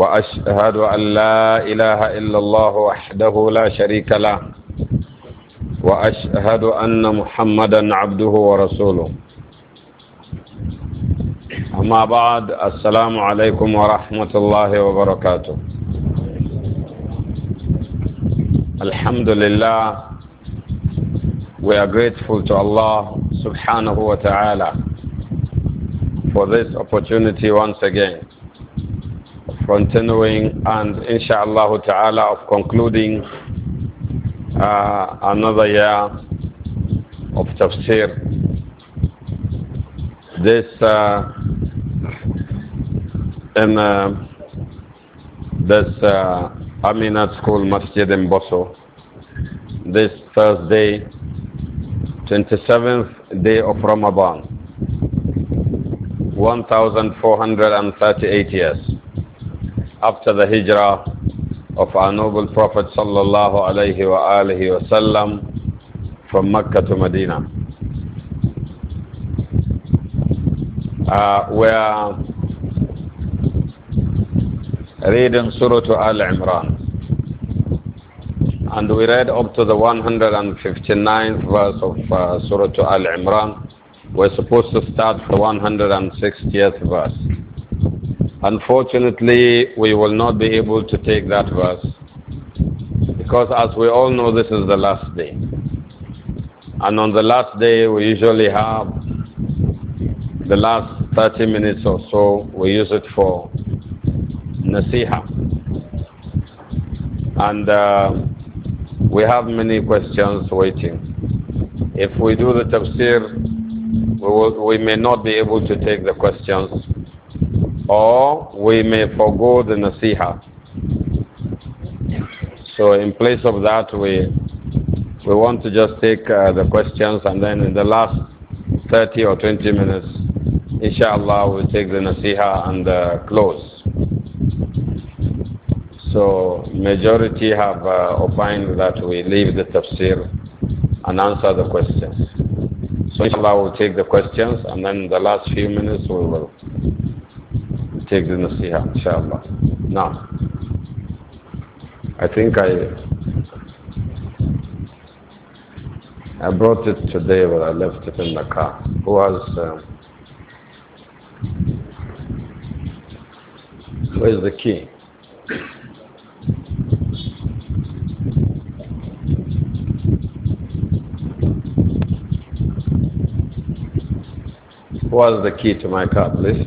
وأشهد أن لا إله إلا الله وحده لا شريك له وأشهد أن محمدا عبده ورسوله أما بعد السلام عليكم ورحمة الله وبركاته الحمد لله we are grateful to Allah subhanahu wa ta'ala for this opportunity once again continuing and inshallah ta'ala of concluding uh, another year of tafsir. This uh, in uh, this uh, Aminat School Masjid in Boso this Thursday, 27th day of Ramadan, 1438 years after the hijrah of our noble Prophet sallallahu alaihi wasallam from Mecca to Medina. Uh, we are reading Surah Al-Imran and we read up to the 159th verse of uh, Surah Al-Imran. We're supposed to start the 160th verse. Unfortunately, we will not be able to take that verse because, as we all know, this is the last day. And on the last day, we usually have the last 30 minutes or so, we use it for nasiha. And uh, we have many questions waiting. If we do the tafsir, we, will, we may not be able to take the questions or we may forego the nasiha. So in place of that, we we want to just take uh, the questions and then in the last 30 or 20 minutes, inshallah, we'll take the nasiha and uh, close. So majority have uh, opined that we leave the tafsir and answer the questions. So inshallah, we'll take the questions and then in the last few minutes we will take the nasiha, inshallah. Now, I think I I brought it today, but I left it in the car. Who has? Um, where's the key? Who has the key to my car, please?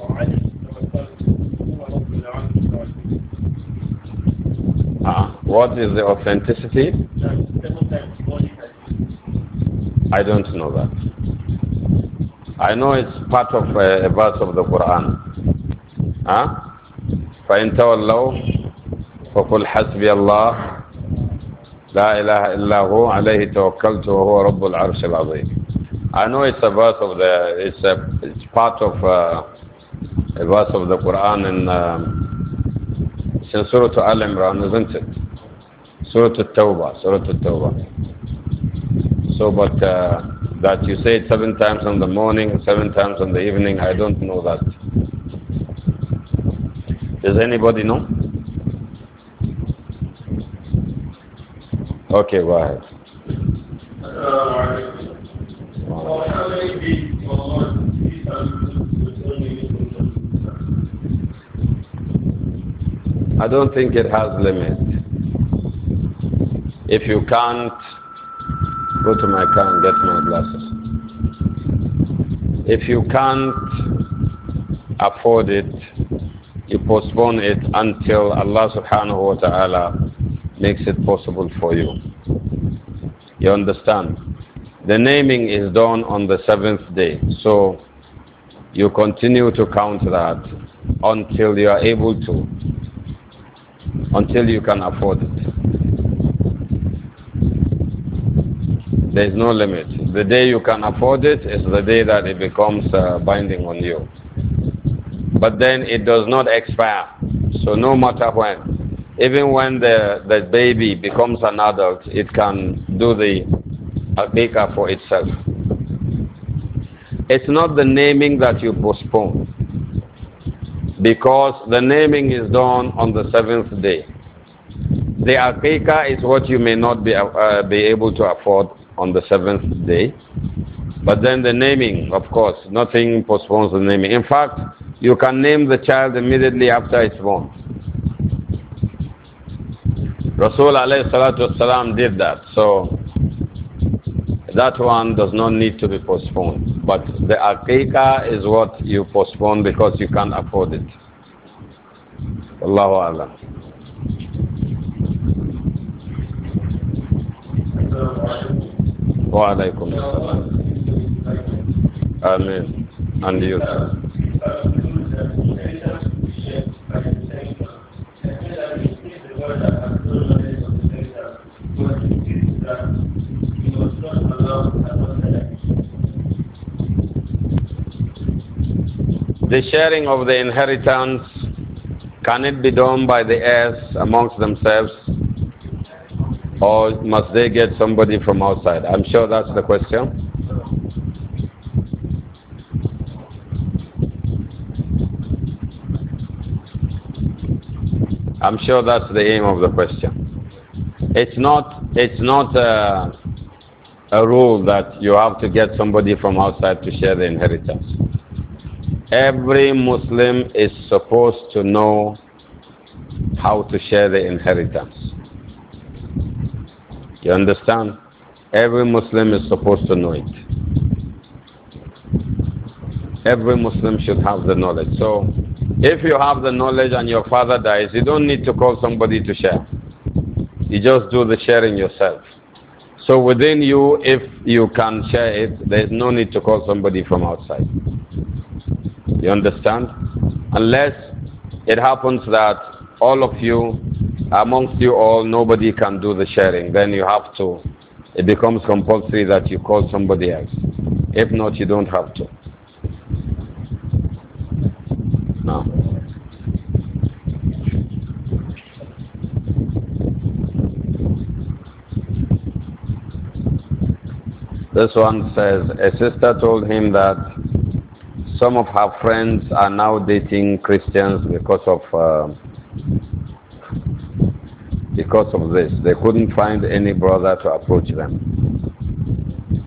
Ah, what is the authenticity? I don't know that. I know it's part of a, uh, a verse of the Quran. Ah? فإن تولوا فقل حسبي الله لا إله إلا هو عليه توكلت وهو رب العرش العظيم I know it's a verse of the it's a it's part of uh, a verse of the Quran and. um, it's Surah Al Imran, isn't it? Surah Al Tawbah, Surah Al Tawbah. So, but uh, that you say it seven times in the morning, seven times in the evening, I don't know that. Does anybody know? Okay, go ahead. Uh, how many I don't think it has limits. If you can't, go to my car and get my glasses. If you can't afford it, you postpone it until Allah subhanahu wa ta'ala makes it possible for you. You understand? The naming is done on the seventh day. So you continue to count that until you are able to until you can afford it. There is no limit. The day you can afford it is the day that it becomes uh, binding on you. But then it does not expire. So no matter when, even when the, the baby becomes an adult, it can do the akika for itself. It's not the naming that you postpone because the naming is done on the seventh day. The aqiqah is what you may not be, uh, uh, be able to afford on the seventh day. But then the naming, of course, nothing postpones the naming. In fact, you can name the child immediately after it's born. Rasul alayhi salatu wasalam did that. So that one does not need to be postponed. But the aqiqah is what you postpone because you can't afford it. Allahu Allah. Wa alaikum. Ameen. And you. The sharing of the inheritance, can it be done by the heirs amongst themselves? Or must they get somebody from outside? I'm sure that's the question. I'm sure that's the aim of the question. It's not, it's not, uh, a rule that you have to get somebody from outside to share the inheritance. Every Muslim is supposed to know how to share the inheritance. You understand? Every Muslim is supposed to know it. Every Muslim should have the knowledge. So, if you have the knowledge and your father dies, you don't need to call somebody to share. You just do the sharing yourself. So within you, if you can share it, there is no need to call somebody from outside. You understand? Unless it happens that all of you, amongst you all, nobody can do the sharing, then you have to, it becomes compulsory that you call somebody else. If not, you don't have to. Now. This one says a sister told him that some of her friends are now dating Christians because of uh, because of this. They couldn't find any brother to approach them.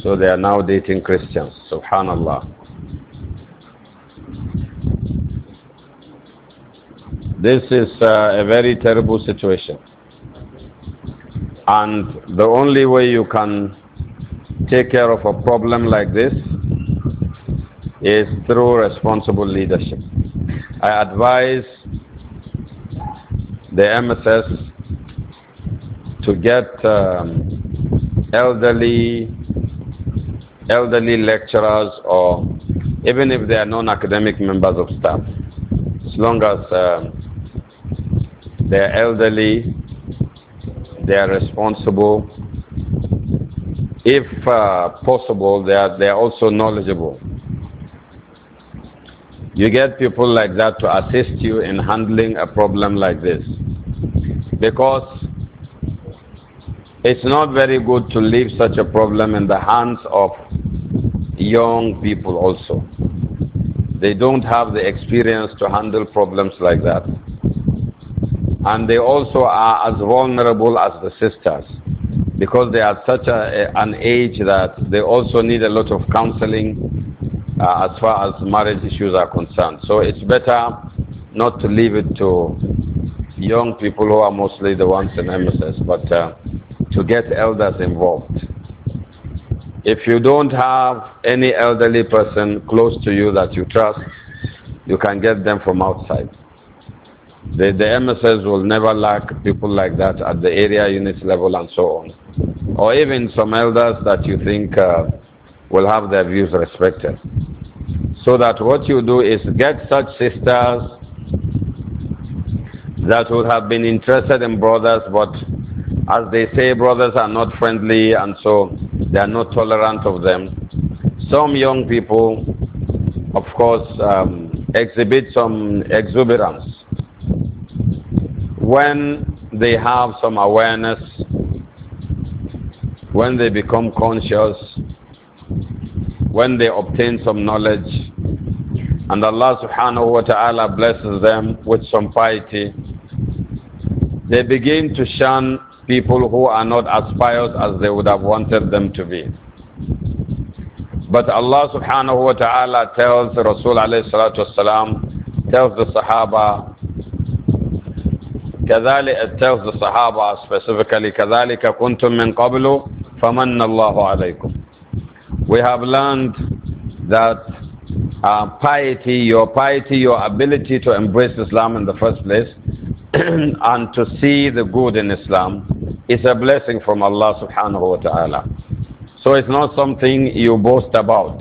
So they are now dating Christians. Subhanallah. This is uh, a very terrible situation. And the only way you can take care of a problem like this is through responsible leadership. I advise the MSS to get um, elderly elderly lecturers or even if they are non-academic members of staff, as long as um, they are elderly they are responsible. If uh, possible, they are, they are also knowledgeable. You get people like that to assist you in handling a problem like this. Because it's not very good to leave such a problem in the hands of young people also. They don't have the experience to handle problems like that and they also are as vulnerable as the sisters because they are such a, an age that they also need a lot of counseling uh, as far as marriage issues are concerned. So it's better not to leave it to young people who are mostly the ones in MSS, but uh, to get elders involved. If you don't have any elderly person close to you that you trust, you can get them from outside. The, the MSS will never lack people like that at the area unit level and so on. Or even some elders that you think uh, will have their views respected. So that what you do is get such sisters that would have been interested in brothers, but as they say, brothers are not friendly and so they are not tolerant of them. Some young people, of course, um, exhibit some exuberance when they have some awareness, when they become conscious, when they obtain some knowledge, and Allah subhanahu wa ta'ala blesses them with some piety, they begin to shun people who are not as pious as they would have wanted them to be. But Allah subhanahu wa ta'ala tells Rasul alayhi salatu wasalam, tells the Sahaba, كذلك tells the Sahaba specifically, كذلك كنتم من قبل فمن الله عليكم. We have learned that uh, piety, your piety, your ability to embrace Islam in the first place and to see the good in Islam is a blessing from Allah subhanahu wa ta'ala. So it's not something you boast about.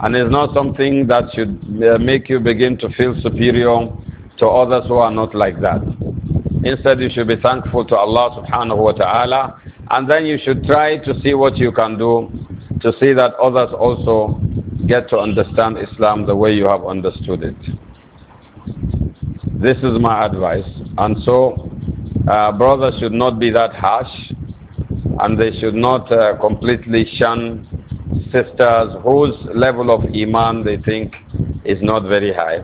And it's not something that should uh, make you begin to feel superior to others who are not like that. Instead, you should be thankful to Allah subhanahu wa ta'ala. And then you should try to see what you can do to see that others also get to understand Islam the way you have understood it. This is my advice. And so, uh, brothers should not be that harsh and they should not uh, completely shun sisters whose level of Iman they think is not very high.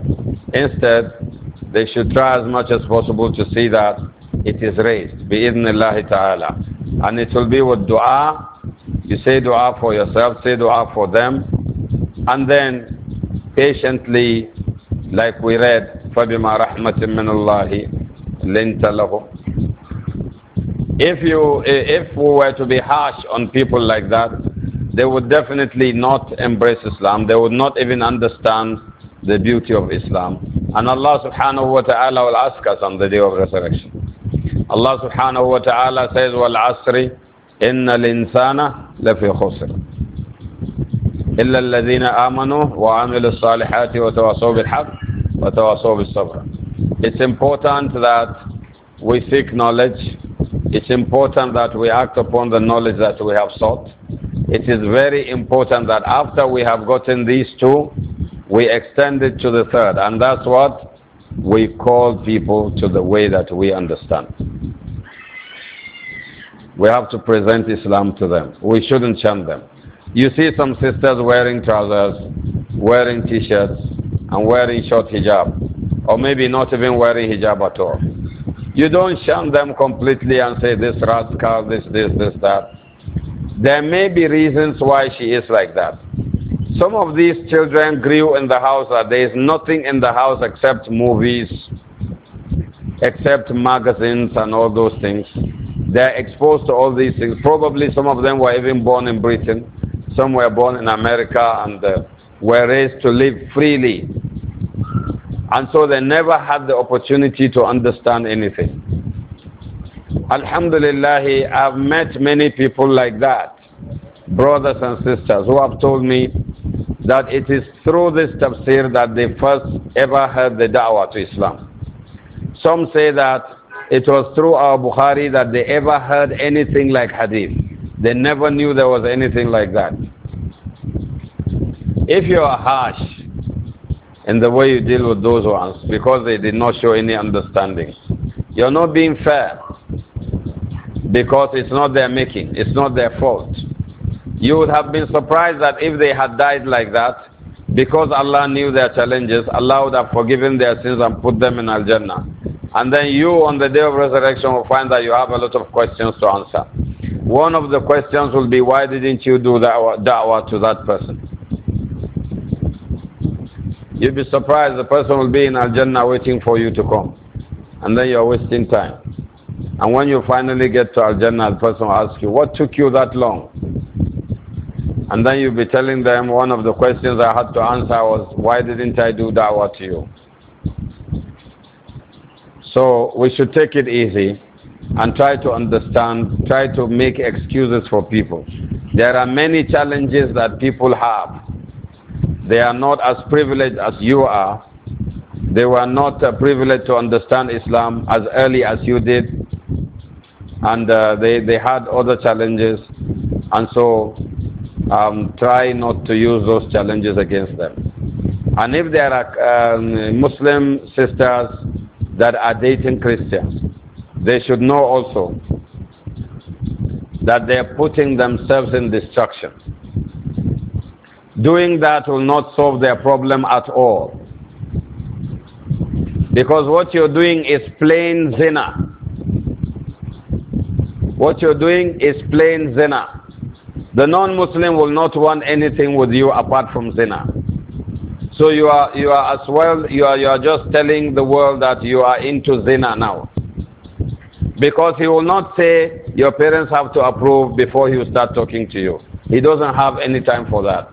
Instead, they should try as much as possible to see that it is raised, bi'idhnillahi ta'ala. And it will be with dua. You say dua for yourself, say dua for them. And then patiently, like we read, فَبِمَا رَحْمَةٍ مِّنَ اللَّهِ لِنْتَ لَهُ if you if we were to be harsh on people like that they would definitely not embrace islam they would not even understand the beauty of islam and Allah subhanahu wa ta'ala will ask us on the day of resurrection. Allah subhanahu wa ta'ala says, وَالْعَصْرِ إِنَّ الْإِنسَانَ lafi خُسْرٍ إِلَّا الَّذِينَ آمَنُوا وَعَمِلُوا الصَّالِحَاتِ وَتَوَصَوْا بِالْحَقِّ وَتَوَصَوْا بِالصَّبْرِ It's important that we seek knowledge. It's important that we act upon the knowledge that we have sought. It is very important that after we have gotten these two, we extend it to the third. And that's what we call people to the way that we understand. We have to present Islam to them. We shouldn't shun them. You see some sisters wearing trousers, wearing t shirts, and wearing short hijab, or maybe not even wearing hijab at all. You don't shun them completely and say this rascal, this, this, this, that. There may be reasons why she is like that. Some of these children grew in the house that there is nothing in the house except movies, except magazines and all those things. They're exposed to all these things. Probably some of them were even born in Britain. Some were born in America and uh, were raised to live freely. And so they never had the opportunity to understand anything. Alhamdulillah, I've met many people like that, brothers and sisters, who have told me that it is through this tafsir that they first ever heard the da'wah to Islam. Some say that it was through our Bukhari that they ever heard anything like hadith. They never knew there was anything like that. If you are harsh in the way you deal with those ones because they did not show any understanding, you're not being fair because it's not their making, it's not their fault. You would have been surprised that if they had died like that, because Allah knew their challenges, Allah would have forgiven their sins and put them in Al Jannah. And then you, on the day of resurrection, will find that you have a lot of questions to answer. One of the questions will be, why didn't you do da'wah, da'wah to that person? You'll be surprised the person will be in Al Jannah waiting for you to come. And then you're wasting time. And when you finally get to Al Jannah, the person will ask you, what took you that long? And then you'll be telling them one of the questions I had to answer was, why didn't I do da'wah to you? So we should take it easy and try to understand, try to make excuses for people. There are many challenges that people have. They are not as privileged as you are. They were not uh, privileged to understand Islam as early as you did. And uh, they, they had other challenges. And so um, try not to use those challenges against them. And if there are um, Muslim sisters that are dating Christians, they should know also that they are putting themselves in destruction. Doing that will not solve their problem at all. Because what you're doing is plain zina. What you're doing is plain zina. The non-Muslim will not want anything with you apart from zina. So you are, you are as well, you are, you are just telling the world that you are into zina now. Because he will not say your parents have to approve before he will start talking to you. He doesn't have any time for that.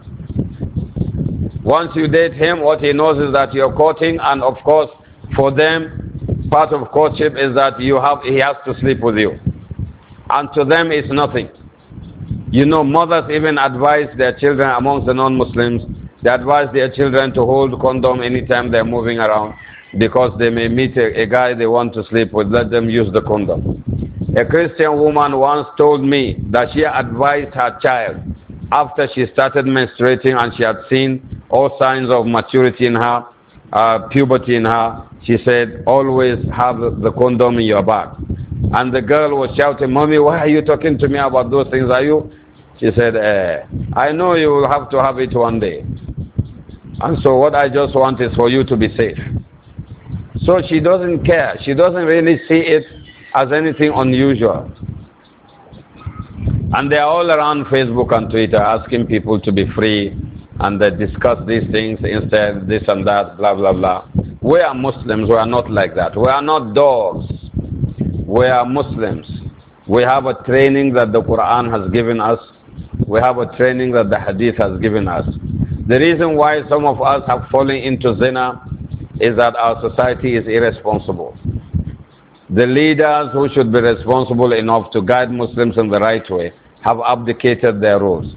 Once you date him, what he knows is that you're courting, and of course, for them, part of courtship is that you have, he has to sleep with you. And to them, it's nothing. You know, mothers even advise their children amongst the non-Muslims, they advise their children to hold condom anytime they're moving around because they may meet a, a guy they want to sleep with. Let them use the condom. A Christian woman once told me that she advised her child after she started menstruating and she had seen all signs of maturity in her, uh, puberty in her, she said, always have the condom in your bag. And the girl was shouting, Mommy, why are you talking to me about those things? Are you she said, eh, I know you will have to have it one day. And so what I just want is for you to be safe. So she doesn't care. She doesn't really see it as anything unusual. And they're all around Facebook and Twitter asking people to be free and they discuss these things instead, this and that, blah, blah, blah. We are Muslims. We are not like that. We are not dogs. We are Muslims. We have a training that the Quran has given us we have a training that the hadith has given us. The reason why some of us have fallen into zina is that our society is irresponsible. The leaders who should be responsible enough to guide Muslims in the right way have abdicated their roles.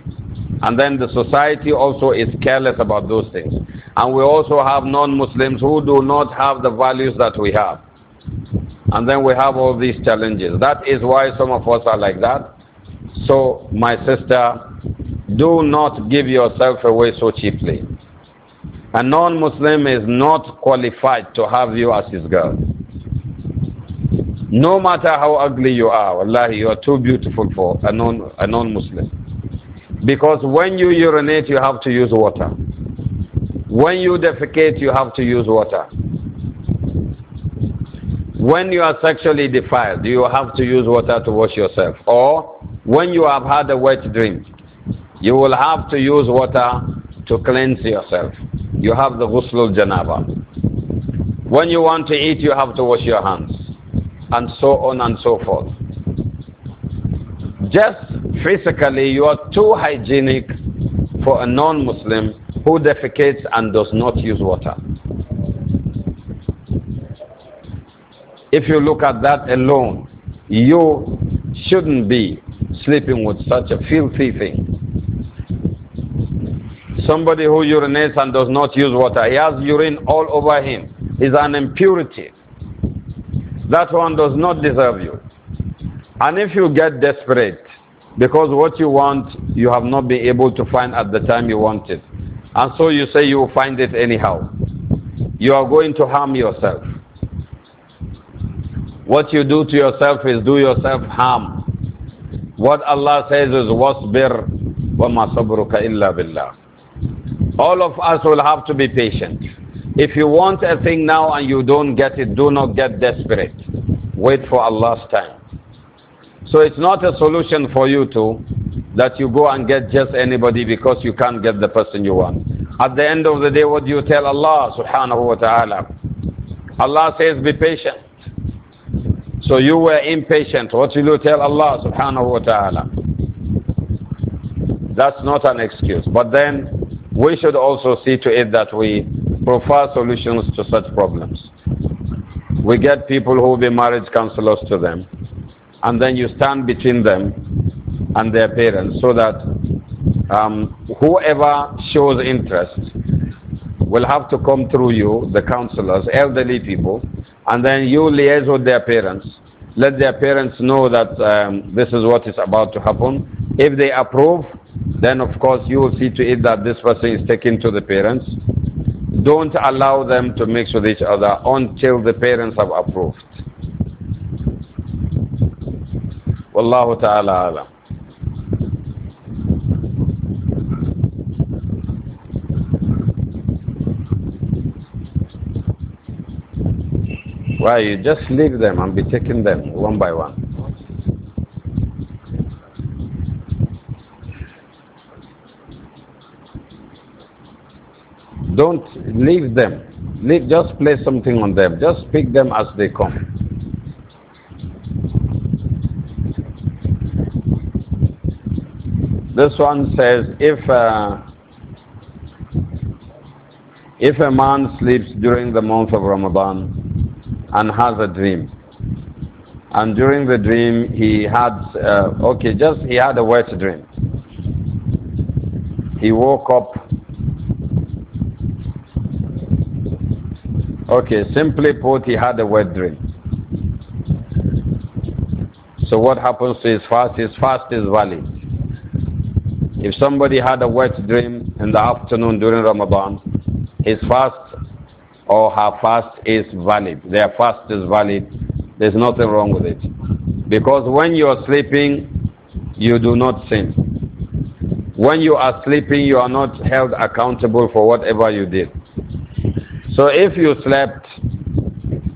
And then the society also is careless about those things. And we also have non Muslims who do not have the values that we have. And then we have all these challenges. That is why some of us are like that. So, my sister, do not give yourself away so cheaply. A non Muslim is not qualified to have you as his girl. No matter how ugly you are, Allah, you are too beautiful for a non, a non Muslim. Because when you urinate, you have to use water. When you defecate, you have to use water. When you are sexually defiled, you have to use water to wash yourself. Or when you have had a wet dream, you will have to use water to cleanse yourself. You have the ghusl janaba. When you want to eat, you have to wash your hands, and so on and so forth. Just physically, you are too hygienic for a non Muslim who defecates and does not use water. If you look at that alone, you shouldn't be sleeping with such a filthy thing. Somebody who urinates and does not use water, he has urine all over him, is an impurity. That one does not deserve you. And if you get desperate, because what you want, you have not been able to find at the time you want it, and so you say you will find it anyhow, you are going to harm yourself. What you do to yourself is do yourself harm. What Allah says is, wasbir wa صَبْرُكَ illa billah. All of us will have to be patient. If you want a thing now and you don't get it, do not get desperate. Wait for Allah's time. So it's not a solution for you to that you go and get just anybody because you can't get the person you want. At the end of the day, what do you tell Allah subhanahu wa ta'ala? Allah says, be patient. So you were impatient. What will you tell Allah subhanahu wa ta'ala? That's not an excuse. But then we should also see to it that we prefer solutions to such problems. We get people who will be marriage counselors to them, and then you stand between them and their parents so that um, whoever shows interest will have to come through you, the counselors, elderly people and then you liaise with their parents. Let their parents know that um, this is what is about to happen. If they approve, then of course you will see to it that this person is taken to the parents. Don't allow them to mix with each other until the parents have approved. Wallahu ta'ala alam. Why you just leave them and be taking them one by one. Don't leave them. Leave, just place something on them. Just pick them as they come. This one says if uh, if a man sleeps during the month of Ramadan and has a dream. And during the dream, he had, uh, okay, just he had a wet dream. He woke up. Okay, simply put, he had a wet dream. So what happens to his fast? His fast is valid. If somebody had a wet dream in the afternoon during Ramadan, his fast or her fast is valid. Their fast is valid. There's nothing wrong with it. Because when you are sleeping, you do not sin. When you are sleeping, you are not held accountable for whatever you did. So if you slept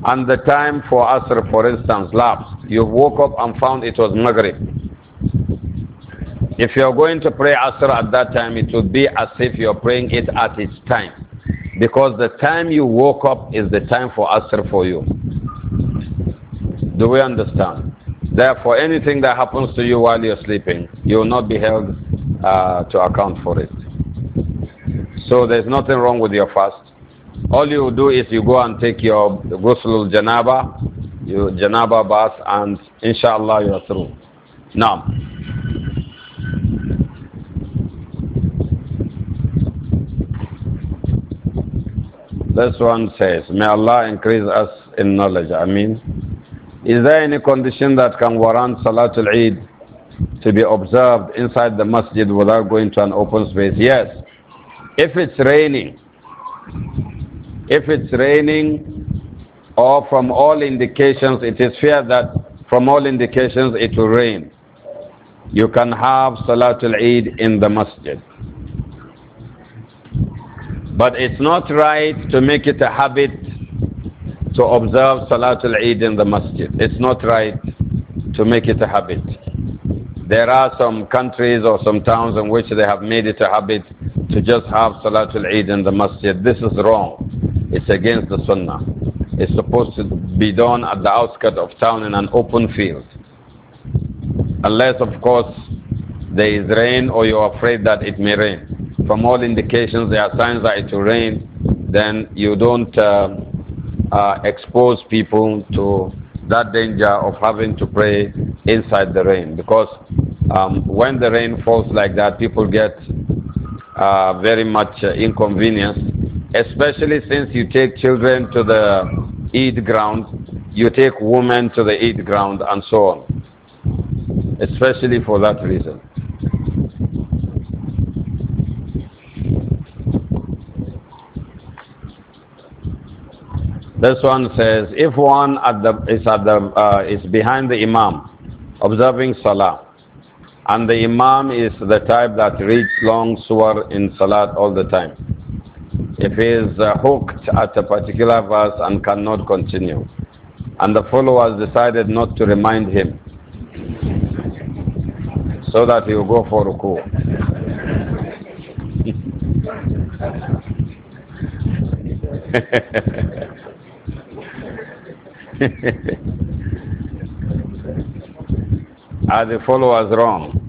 and the time for Asr, for instance, lapsed, you woke up and found it was Maghrib. If you are going to pray Asr at that time, it would be as if you are praying it at its time. Because the time you woke up is the time for Asr for you. Do we understand? Therefore, anything that happens to you while you're sleeping, you will not be held uh, to account for it. So there's nothing wrong with your fast. All you do is you go and take your ghusl janaba, your janaba bath, and inshallah you are through. Now, This one says, May Allah increase us in knowledge. I mean, is there any condition that can warrant Salatul Eid to be observed inside the masjid without going to an open space? Yes. If it's raining, if it's raining, or from all indications, it is feared that from all indications it will rain, you can have Salatul Eid in the masjid. But it's not right to make it a habit to observe Salatul Eid in the masjid. It's not right to make it a habit. There are some countries or some towns in which they have made it a habit to just have Salatul Eid in the masjid. This is wrong. It's against the Sunnah. It's supposed to be done at the outskirts of town in an open field. Unless, of course, there is rain or you're afraid that it may rain. From all indications, there are signs that it will rain. Then you don't uh, uh, expose people to that danger of having to pray inside the rain. Because um, when the rain falls like that, people get uh, very much uh, inconvenience, especially since you take children to the Eid ground, you take women to the Eid ground, and so on, especially for that reason. This one says, if one at the, is, at the, uh, is behind the imam, observing salah, and the imam is the type that reads long surah in salat all the time. If he is uh, hooked at a particular verse and cannot continue, and the followers decided not to remind him, so that he will go for ruku. Are the followers wrong?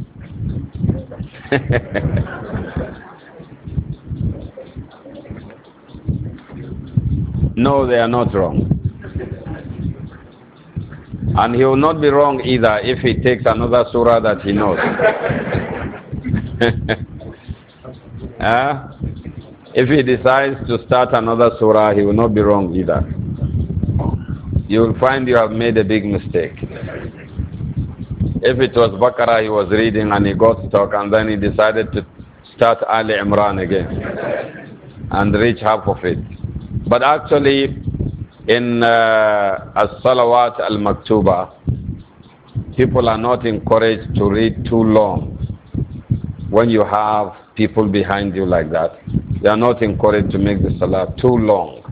no, they are not wrong. And he will not be wrong either if he takes another surah that he knows. eh? If he decides to start another surah, he will not be wrong either you will find you have made a big mistake. If it was Baqarah he was reading and he got stuck and then he decided to start Ali Imran again and reach half of it. But actually, in uh, As-Salawat Al-Maktuba, people are not encouraged to read too long. When you have people behind you like that, they are not encouraged to make the Salah too long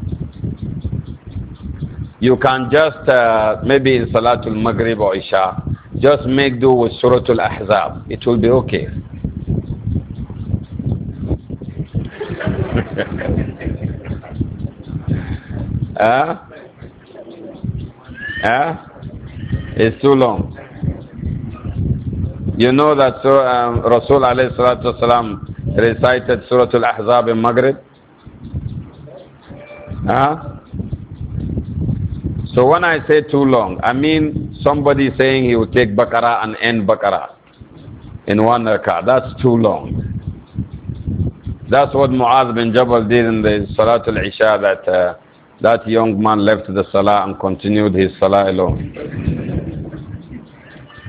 you can just, uh, maybe in Salatul Maghrib or Isha, just make do with Suratul Ahzab. It will be okay. Ah? Ah? It's too long. You know that so, uh, um, Rasul alayhi recited Suratul Ahzab in Maghrib? Huh? So when I say too long, I mean somebody saying he will take Baqarah and end Baqarah in one rak'ah. That's too long. That's what Mu'adh bin Jabal did in the Salatul Isha that uh, that young man left the Salah and continued his Salah alone.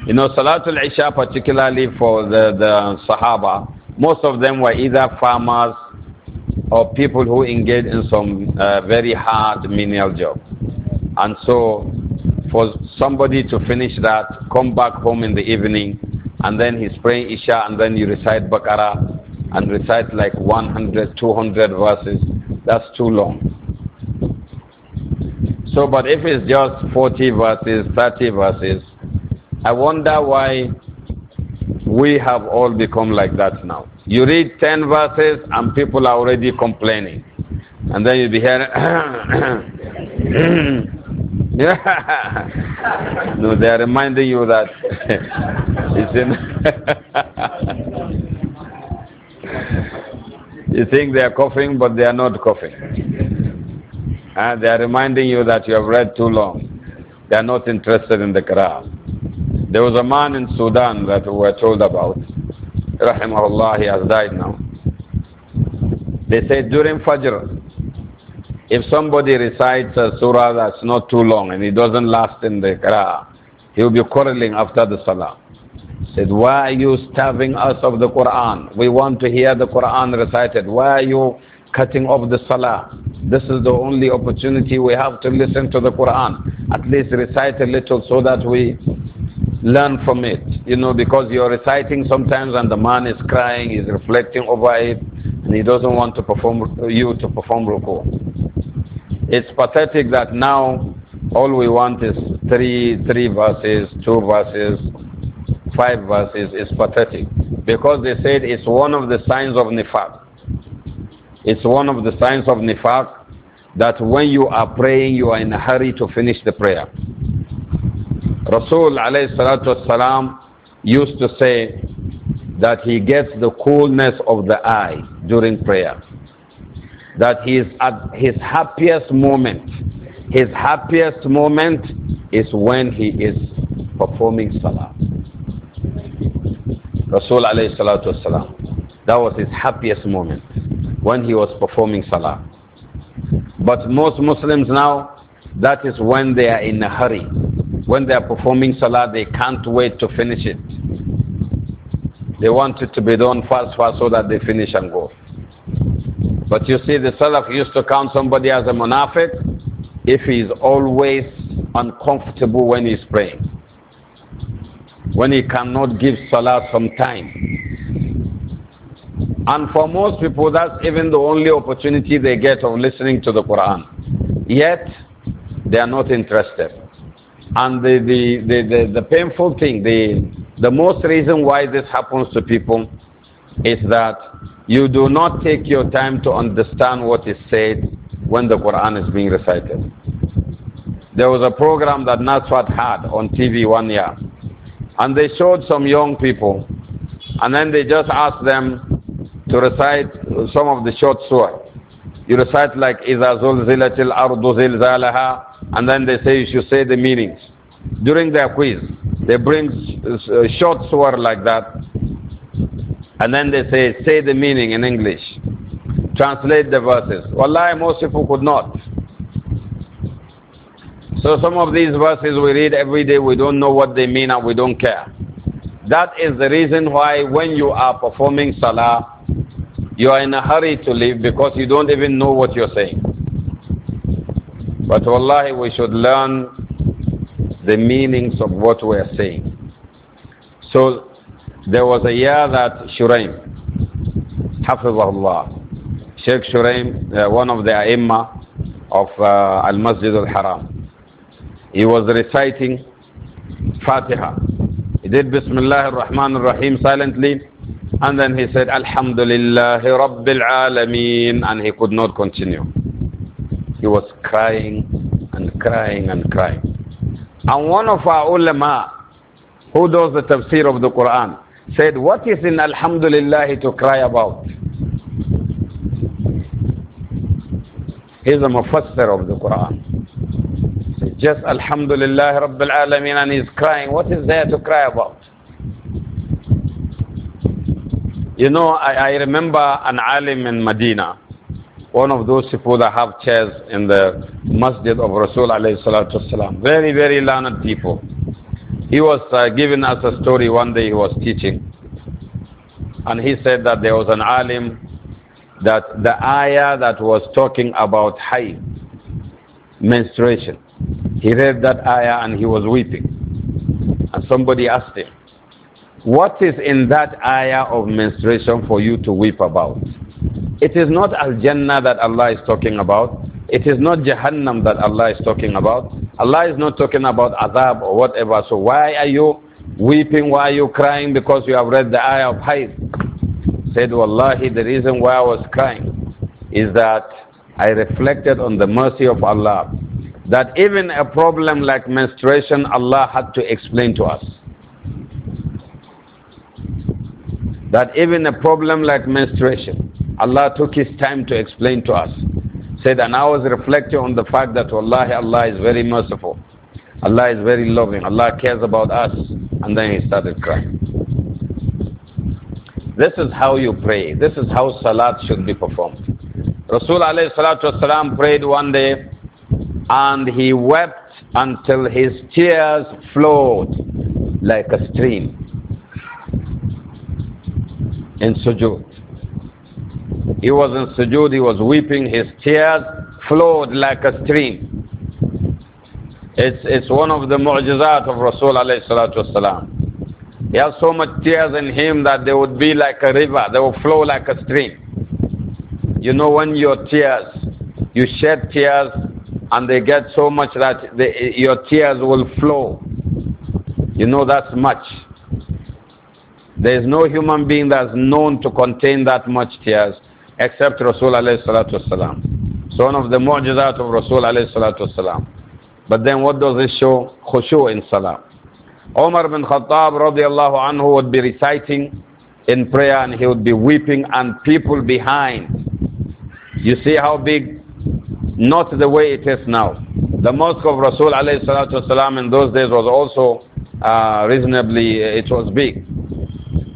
You know, Salatul Isha particularly for the, the Sahaba, most of them were either farmers or people who engaged in some uh, very hard menial jobs. And so, for somebody to finish that, come back home in the evening, and then he's praying Isha, and then you recite Baqarah and recite like 100, 200 verses, that's too long. So, but if it's just 40 verses, 30 verses, I wonder why we have all become like that now. You read 10 verses and people are already complaining. And then you'll be hearing. Yeah. no, they are reminding you that it's in. you think they are coughing, but they are not coughing. And ah, they are reminding you that you have read too long. They are not interested in the Quran. There was a man in Sudan that we were told about. Rahimahullah, he has died now. They said during Fajr, if somebody recites a surah that's not too long and it doesn't last in the qira'ah, he'll be quarreling after the salah. He Said, why are you starving us of the Quran? We want to hear the Quran recited. Why are you cutting off the salah? This is the only opportunity we have to listen to the Quran. At least recite a little so that we learn from it. You know, because you're reciting sometimes and the man is crying, he's reflecting over it, and he doesn't want to perform you to perform ruku. It's pathetic that now all we want is three, three verses, two verses, five verses. It's pathetic because they said it's one of the signs of nifaq. It's one of the signs of nifaq that when you are praying, you are in a hurry to finish the prayer. Rasul alayhi used to say that he gets the coolness of the eye during prayer that he is at his happiest moment. His happiest moment is when he is performing salah. Rasul alayhi salatu wasalam. That was his happiest moment when he was performing salah. But most Muslims now, that is when they are in a hurry. When they are performing salah, they can't wait to finish it. They want it to be done fast, fast, so that they finish and go. But you see, the Salaf used to count somebody as a munafiq if he is always uncomfortable when he's praying, when he cannot give salah some time. And for most people, that's even the only opportunity they get of listening to the Quran. Yet, they are not interested. And the, the, the, the, the painful thing, the, the most reason why this happens to people is that you do not take your time to understand what is said when the Quran is being recited. There was a program that Naswat had on TV one year, and they showed some young people, and then they just asked them to recite some of the short surah. You recite like إِذَا زُلْزِلَتِ الْأَرْضُ زِلْزَالَهَا and then they say you should say the meanings. During their quiz, they bring a short surah like that and then they say, say the meaning in English. Translate the verses. Wallahi, most people could not. So some of these verses we read every day, we don't know what they mean and we don't care. That is the reason why when you are performing salah, you are in a hurry to leave because you don't even know what you're saying. But wallahi, we should learn the meanings of what we are saying. So there was a year that Shuraim, Hafizahullah, Sheikh Shuraim, uh, one of the Aimma of uh, Al Masjid Al Haram, he was reciting Fatiha. He did Bismillah ar-Rahman ar-Rahim silently, and then he said, Alhamdulillah Rabbil Alameen, and he could not continue. He was crying and crying and crying. And one of our ulama who does the tafsir of the Quran, said, What is in Alhamdulillah to cry about? He's a mufassir of the Quran. just Alhamdulillah Rabbil Alameen and he's crying. What is there to cry about? You know, I, I remember an alim in Medina, one of those people that have chairs in the masjid of Rasul alayhi salatu wasalam. Very, very learned people. He was uh, giving us a story one day he was teaching. And he said that there was an alim that the ayah that was talking about high menstruation. He read that ayah and he was weeping. And somebody asked him, What is in that ayah of menstruation for you to weep about? It is not Al Jannah that Allah is talking about. It is not Jahannam that Allah is talking about. Allah is not talking about adab or whatever. So why are you weeping? Why are you crying? Because you have read the ayah of Hayd. Said, Wallahi, the reason why I was crying is that I reflected on the mercy of Allah. That even a problem like menstruation, Allah had to explain to us. That even a problem like menstruation, Allah took His time to explain to us said, and I was reflecting on the fact that Allah Allah is very merciful. Allah is very loving. Allah cares about us. And then he started crying. This is how you pray. This is how salat should be performed. Rasul alayhi salatu wasalam prayed one day and he wept until his tears flowed like a stream in sujud. He was in sujood, he was weeping, his tears flowed like a stream. It's, it's one of the mu'jizat of Rasul alayhi salatu wasalam. He has so much tears in him that they would be like a river, they would flow like a stream. You know when your tears, you shed tears and they get so much that your tears will flow. You know that's much. There is no human being that's known to contain that much tears except Rasul alayhi salatu wasalam. So one of the mu'jizat of Rasul alayhi salatu wasalam. But then what does this show? Khushu in salah. Omar bin Khattab radiallahu anhu would be reciting in prayer and he would be weeping and people behind. You see how big, not the way it is now. The mosque of Rasul alayhi salatu wasalam in those days was also uh, reasonably, it was big.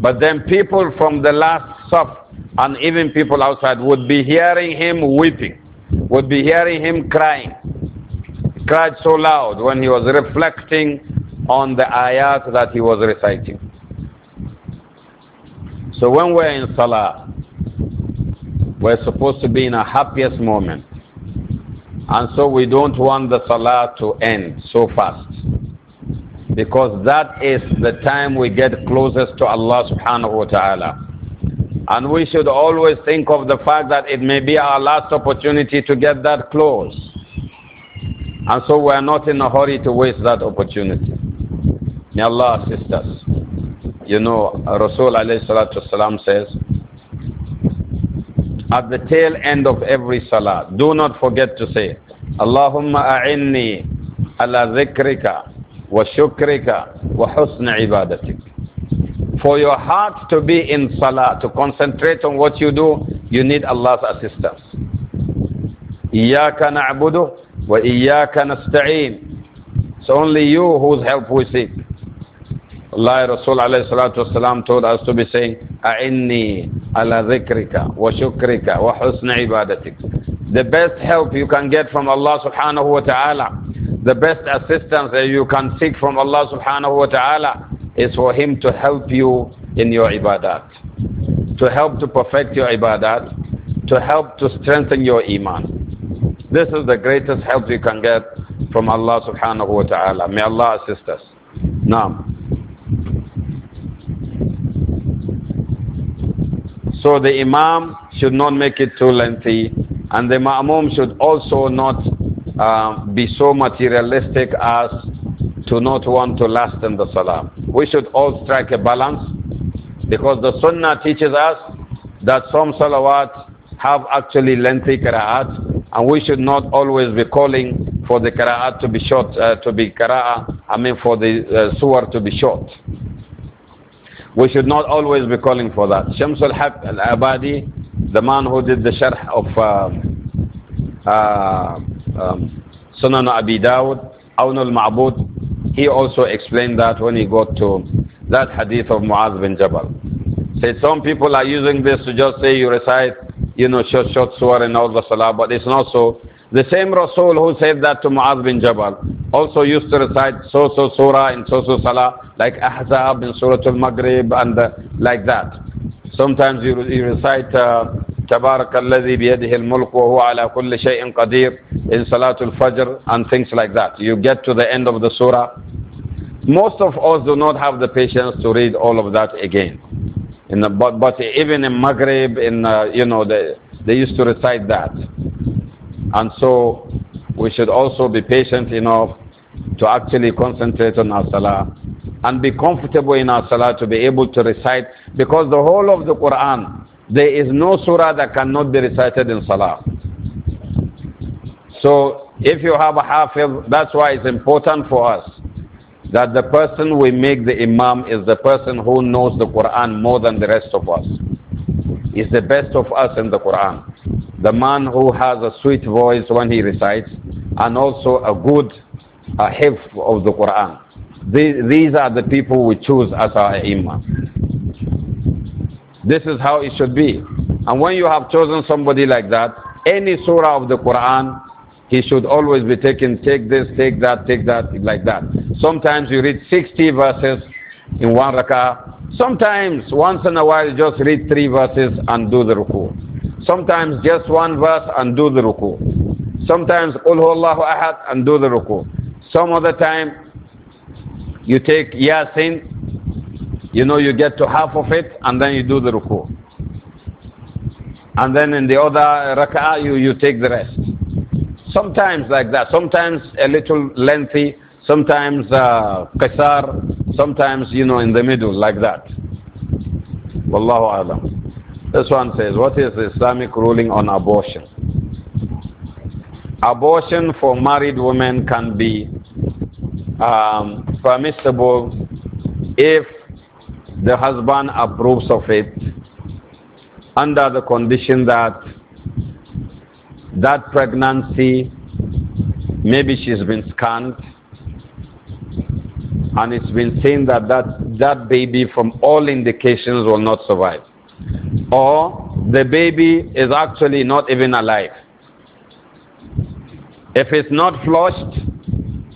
But then people from the last sub and even people outside would be hearing him weeping, would be hearing him crying. He cried so loud when he was reflecting on the ayat that he was reciting. So when we're in Salah, we're supposed to be in a happiest moment. And so we don't want the Salah to end so fast because that is the time we get closest to Allah subhanahu wa ta'ala. And we should always think of the fact that it may be our last opportunity to get that close. And so we are not in a hurry to waste that opportunity. May Allah assist us. You know, Rasul alayhi salatu salam says, at the tail end of every salah, do not forget to say, Allahumma a'inni ala Zikrika. وَشُكْرِكَ وَحُسْنَ عِبَادَتِكَ For your heart to be in salah, to concentrate on what you do, you need Allah's assistance. إِيَّاكَ نَعْبُدُ وَإِيَّاكَ نَسْتَعِينُ It's only you whose help we seek. Allah Rasul alayhi salatu wasalam told us to be saying, أَعِنِّي عَلَى ذِكْرِكَ وَشُكْرِكَ وَحُسْنِ عِبَادَتِكَ The best help you can get from Allah subhanahu wa ta'ala the best assistance that you can seek from Allah subhanahu wa ta'ala is for Him to help you in your ibadat, to help to perfect your ibadat, to help to strengthen your iman. This is the greatest help you can get from Allah subhanahu wa ta'ala. May Allah assist us. Naam. So the Imam should not make it too lengthy and the Ma'amum should also not um, be so materialistic as to not want to last in the salah. We should all strike a balance because the sunnah teaches us that some salawat have actually lengthy qira'at and we should not always be calling for the qira'at to be short, uh, to be qira'ah, I mean for the uh, to be short. We should not always be calling for that. Shams al al-Abadi, the man who did the sharh of uh, uh, um, Sunan Abi Dawud, Awn mabud he also explained that when he got to that hadith of Muaz bin Jabal. Said some people are using this to just say you recite, you know, short, short surah and all the salah, but it's not so. The same Rasul who said that to Muaz bin Jabal also used to recite so so surah and so so salah, like Ahzab and Surah al Maghrib and uh, like that. Sometimes you, you recite. Uh, تبارك الذي بيده الملك وهو على كل شيء قدير in Salatul Fajr and things like that. You get to the end of the surah. Most of us do not have the patience to read all of that again. The, but, but, even in Maghrib, in, uh, you know, they, they used to recite that. And so we should also be patient enough to actually concentrate on our salah and be comfortable in our salah to be able to recite because the whole of the Quran there is no surah that cannot be recited in salah. So if you have a hafiz, that's why it's important for us that the person we make the imam is the person who knows the Quran more than the rest of us. Is the best of us in the Quran. The man who has a sweet voice when he recites and also a good a hifz of the Quran. These, these are the people we choose as our imam. This is how it should be. And when you have chosen somebody like that, any surah of the Quran, he should always be taken, take this, take that, take that, like that. Sometimes you read 60 verses in one rak'ah. Sometimes, once in a while, you just read three verses and do the ruku. Sometimes just one verse and do the ruku. Sometimes Qul Allahu Ahad and do the ruku. Some other time, you take Yasin you know, you get to half of it and then you do the ruku. And then in the other rak'ah, you, you take the rest. Sometimes like that. Sometimes a little lengthy. Sometimes uh, qisar. Sometimes, you know, in the middle like that. Wallahu alam. This one says, what is the Islamic ruling on abortion? Abortion for married women can be um, permissible if the husband approves of it under the condition that that pregnancy, maybe she's been scanned and it's been seen that that, that baby from all indications will not survive. Or the baby is actually not even alive. If it's not flushed,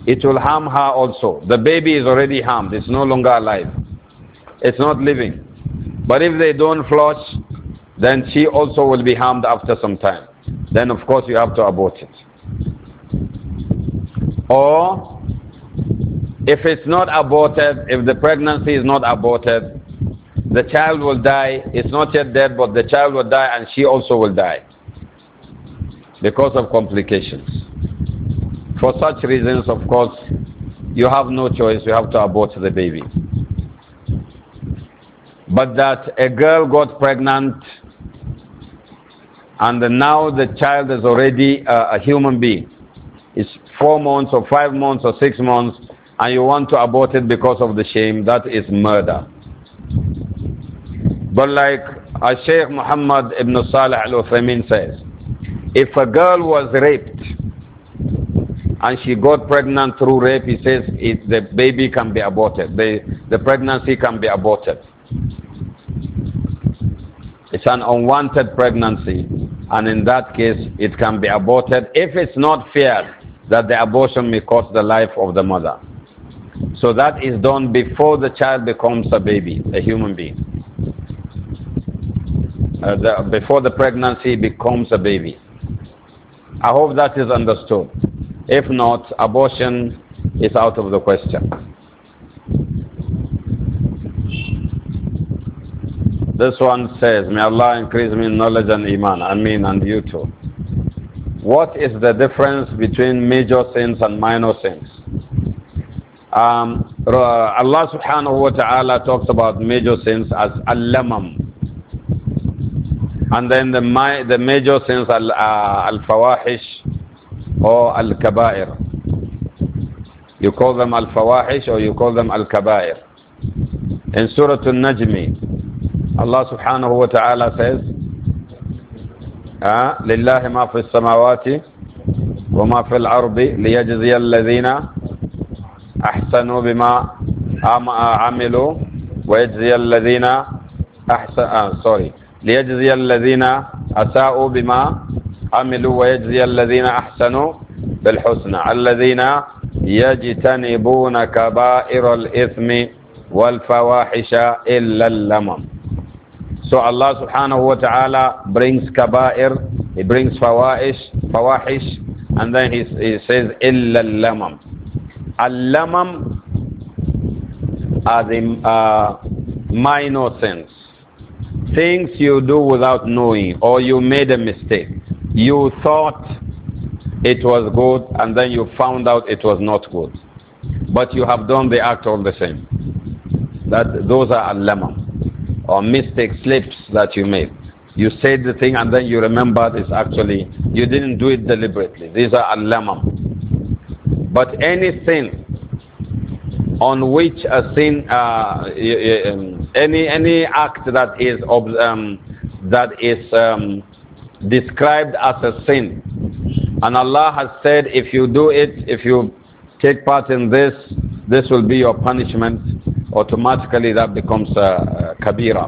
it will harm her also. The baby is already harmed, it's no longer alive. It's not living. But if they don't flush, then she also will be harmed after some time. Then, of course, you have to abort it. Or, if it's not aborted, if the pregnancy is not aborted, the child will die. It's not yet dead, but the child will die and she also will die because of complications. For such reasons, of course, you have no choice. You have to abort the baby but that a girl got pregnant and now the child is already a, a human being. It's four months or five months or six months and you want to abort it because of the shame, that is murder. But like Sheikh Muhammad ibn Salih al Uthaymeen says, if a girl was raped and she got pregnant through rape, he says it, the baby can be aborted, the, the pregnancy can be aborted. It's an unwanted pregnancy, and in that case, it can be aborted if it's not feared that the abortion may cost the life of the mother. So that is done before the child becomes a baby, a human being. Uh, the, before the pregnancy becomes a baby. I hope that is understood. If not, abortion is out of the question. This one says, May Allah increase me in knowledge and Iman. I mean, and you too. What is the difference between major sins and minor sins? Um, Allah subhanahu wa ta'ala talks about major sins as al-lamam. And then the, my, the major sins al, uh, al-fawahish or al-kaba'ir. You call them al-fawahish or you call them al-kaba'ir. In Surah Al-Najmi, الله سبحانه وتعالى ta'ala says, آه، لله ما في السماوات وما في الأرض ليجزي الذين أحسنوا بما آه، عملوا ويجزي الذين أحسن آه سوري ليجزي الذين أساءوا بما عملوا ويجزي الذين أحسنوا بالحسنى الذين يجتنبون كبائر الإثم والفواحش إلا اللمم So Allah subhanahu wa ta'ala brings kaba'ir, He brings fawa'ish, fawahish, and then He, he says, illa al-lamam. Al-lamam are the uh, minor sins. Things you do without knowing, or you made a mistake. You thought it was good, and then you found out it was not good. But you have done the act all the same. That Those are al-lamam or mistake slips that you made. You said the thing and then you remember it's actually, you didn't do it deliberately. These are al-lamam. But any sin on which a sin, uh, um, any, any act that is, um, that is um, described as a sin, and Allah has said, if you do it, if you take part in this, this will be your punishment automatically that becomes a kabira.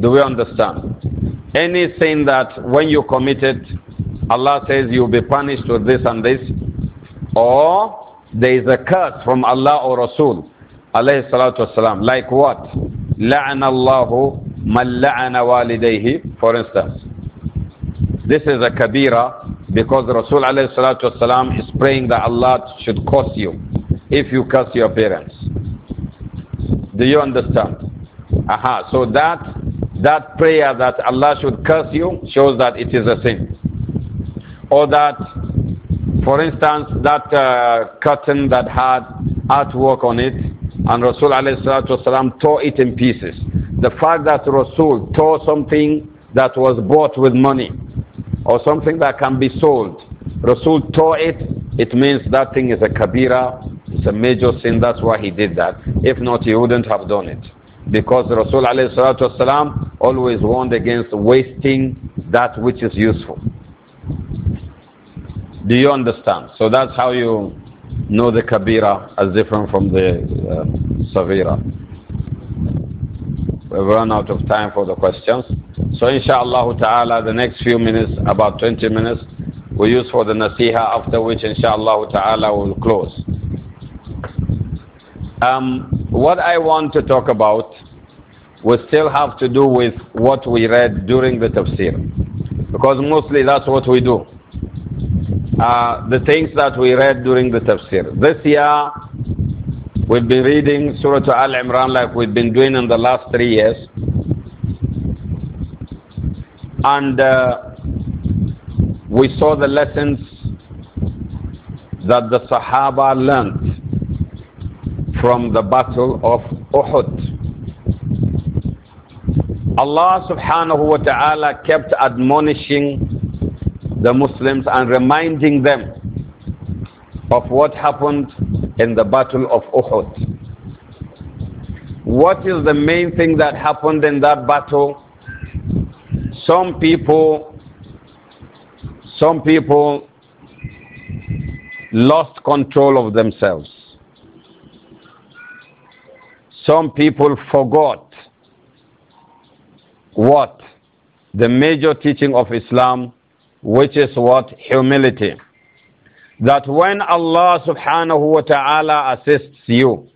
Do we understand? Anything that when you commit it, Allah says you'll be punished with this and this, or there is a curse from Allah or Rasul, alayhi salatu wasalam. Like what? لَعَنَ اللَّهُ مَنْ لَعَنَ وَالِدَيْهِ For instance. This is a kabira because Rasul alayhi salatu wasalam is praying that Allah should curse you if you curse your parents. Do you understand? Aha, so that, that prayer that Allah should curse you shows that it is a sin. Or that, for instance, that uh, curtain that had artwork on it, and Rasul والسلام, tore it in pieces. The fact that Rasul tore something that was bought with money or something that can be sold, Rasul tore it, it means that thing is a kabira it's a major sin, that's why he did that. If not, he wouldn't have done it. Because Rasul والسلام, always warned against wasting that which is useful. Do you understand? So that's how you know the Kabira as different from the uh, Savira. We've run out of time for the questions. So inshallah ta'ala, the next few minutes, about 20 minutes, we use for the Nasiha, after which inshallah ta'ala we'll close. Um, what I want to talk about will still have to do with what we read during the tafsir, because mostly that's what we do. Uh, the things that we read during the tafsir. This year, we've been reading Surah Al Imran like we've been doing in the last three years. And uh, we saw the lessons that the Sahaba learned from the battle of Uhud. Allah subhanahu wa ta'ala kept admonishing the Muslims and reminding them of what happened in the battle of Uhud. What is the main thing that happened in that battle? Some people some people lost control of themselves some people forgot what? The major teaching of Islam, which is what? Humility. That when Allah subhanahu wa ta'ala assists you,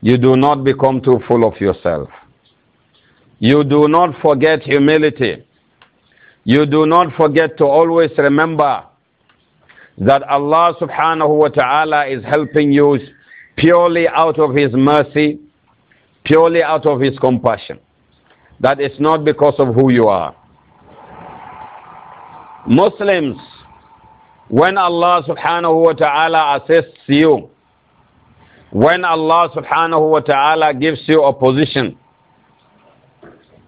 you do not become too full of yourself. You do not forget humility. You do not forget to always remember that Allah subhanahu wa ta'ala is helping you purely out of His mercy, purely out of His compassion. that is not because of who you are. Muslims, when Allah subhanahu wa ta'ala assists you, when Allah subhanahu wa ta'ala gives you a position,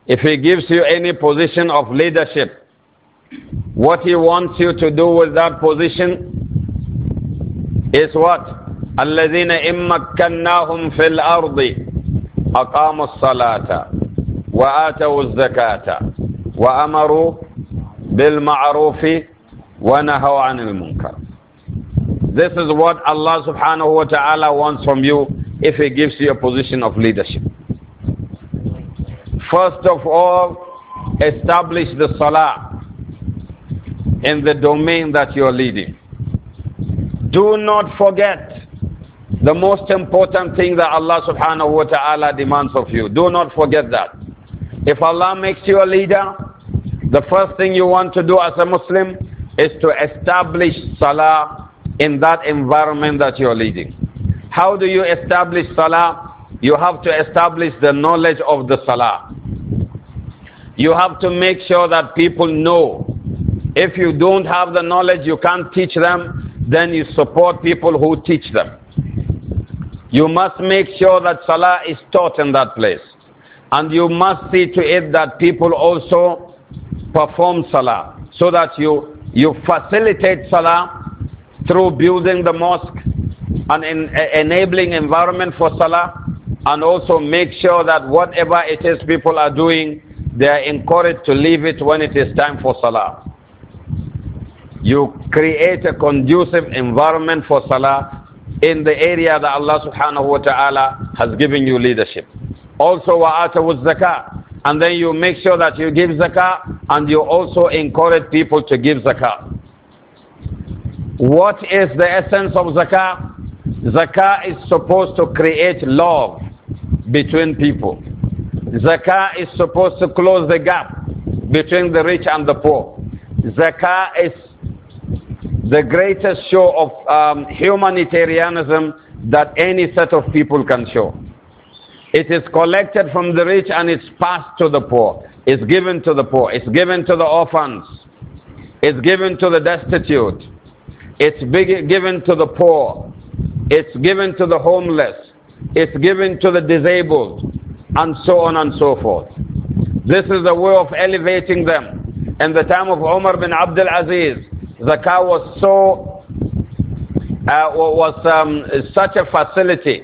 if He gives you any position of leadership, what He wants you to do with that position is what? الذين إن مكناهم في الأرض أقاموا الصلاة وآتوا الزكاة وأمروا بالمعروف ونهوا عن المنكر This is what Allah subhanahu wa ta'ala wants from you if He gives you a position of leadership. First of all, establish the salah in the domain that you are leading. Do not forget the most important thing that Allah subhanahu wa ta'ala demands of you. Do not forget that. If Allah makes you a leader, the first thing you want to do as a Muslim is to establish salah in that environment that you're leading. How do you establish salah? You have to establish the knowledge of the salah. You have to make sure that people know. If you don't have the knowledge, you can't teach them, then you support people who teach them. You must make sure that Salah is taught in that place. And you must see to it that people also perform Salah. So that you, you facilitate Salah through building the mosque and in, uh, enabling environment for Salah. And also make sure that whatever it is people are doing, they are encouraged to leave it when it is time for Salah. You create a conducive environment for Salah in the area that Allah subhanahu wa ta'ala has given you leadership. Also, wa'atawu zakah. And then you make sure that you give zakah and you also encourage people to give zakah. What is the essence of zakah? Zakah is supposed to create love between people. Zakah is supposed to close the gap between the rich and the poor. Zakah is the greatest show of um, humanitarianism that any set of people can show. It is collected from the rich and it's passed to the poor. It's given to the poor. It's given to the orphans. It's given to the destitute. It's given to the poor. It's given to the homeless. It's given to the disabled. And so on and so forth. This is the way of elevating them. In the time of Umar bin Abdul Aziz, Zakah was so, uh, was um, such a facility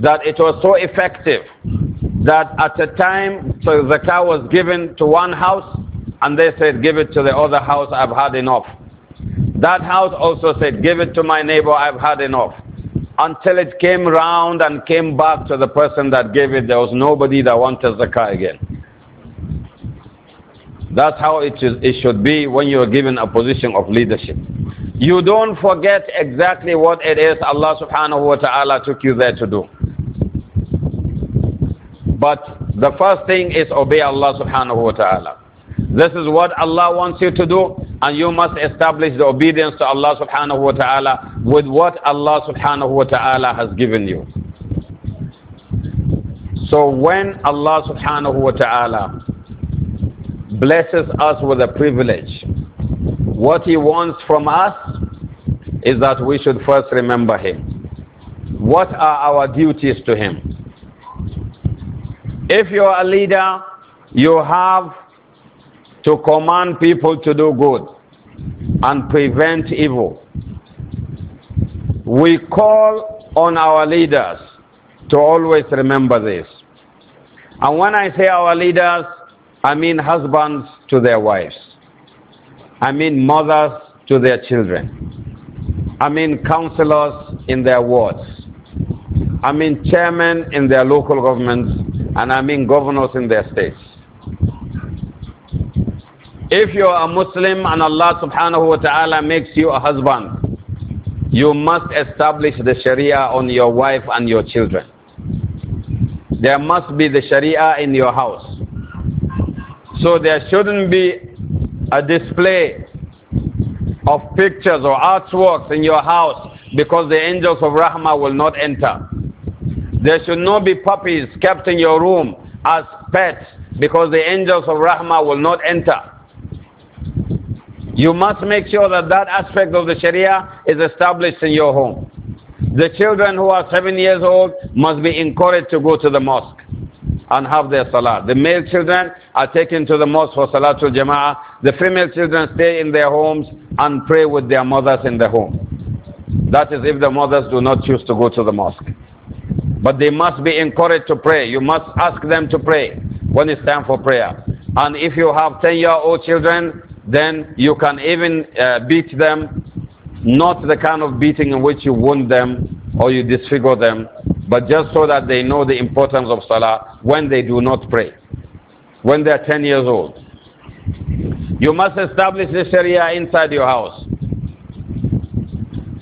that it was so effective that at a time so zakah was given to one house and they said give it to the other house i've had enough that house also said give it to my neighbor i've had enough until it came round and came back to the person that gave it there was nobody that wanted zakah again that's how it, is, it should be when you are given a position of leadership. You don't forget exactly what it is Allah subhanahu wa ta'ala took you there to do. But the first thing is obey Allah subhanahu wa ta'ala. This is what Allah wants you to do, and you must establish the obedience to Allah subhanahu wa ta'ala with what Allah subhanahu wa ta'ala has given you. So when Allah subhanahu wa ta'ala blesses us with a privilege. What He wants from us is that we should first remember Him. What are our duties to Him? If you are a leader, you have to command people to do good and prevent evil. We call on our leaders to always remember this. And when I say our leaders, I mean husbands to their wives. I mean mothers to their children. I mean counsellors in their wards. I mean chairmen in their local governments. And I mean governors in their states. If you are a Muslim and Allah subhanahu wa ta'ala makes you a husband, you must establish the Sharia on your wife and your children. There must be the Sharia in your house. So there shouldn't be a display of pictures or artworks in your house because the angels of Rahma will not enter. There should not be puppies kept in your room as pets because the angels of Rahma will not enter. You must make sure that that aspect of the Sharia is established in your home. The children who are seven years old must be encouraged to go to the mosque and have their salah. The male children are taken to the mosque for Salatul Jama'ah. The female children stay in their homes and pray with their mothers in the home. That is if the mothers do not choose to go to the mosque. But they must be encouraged to pray. You must ask them to pray when it's time for prayer. And if you have 10 year old children, then you can even uh, beat them, not the kind of beating in which you wound them or you disfigure them, but just so that they know the importance of salah when they do not pray, when they are 10 years old. You must establish this area inside your house.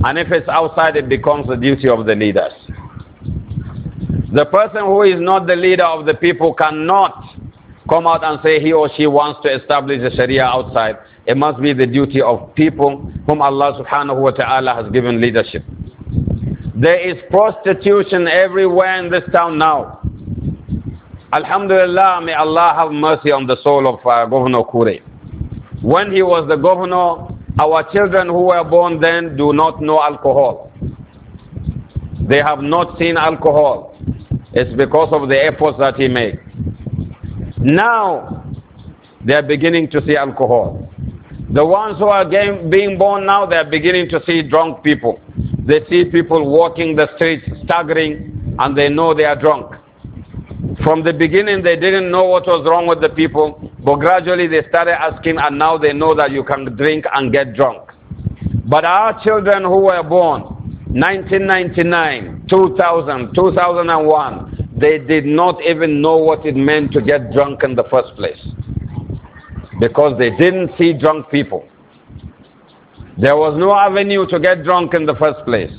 And if it's outside, it becomes the duty of the leaders. The person who is not the leader of the people cannot come out and say he or she wants to establish the Sharia outside. It must be the duty of people whom Allah subhanahu wa ta'ala has given leadership. There is prostitution everywhere in this town now. Alhamdulillah, may Allah have mercy on the soul of uh, Governor Kure. When he was the governor, our children who were born then do not know alcohol. They have not seen alcohol. It's because of the efforts that he made. Now, they are beginning to see alcohol. The ones who are being born now, they are beginning to see drunk people. They see people walking the streets staggering and they know they are drunk. From the beginning, they didn't know what was wrong with the people, but gradually they started asking, and now they know that you can drink and get drunk. But our children who were born 1999, 2000, 2001, they did not even know what it meant to get drunk in the first place because they didn't see drunk people. There was no avenue to get drunk in the first place.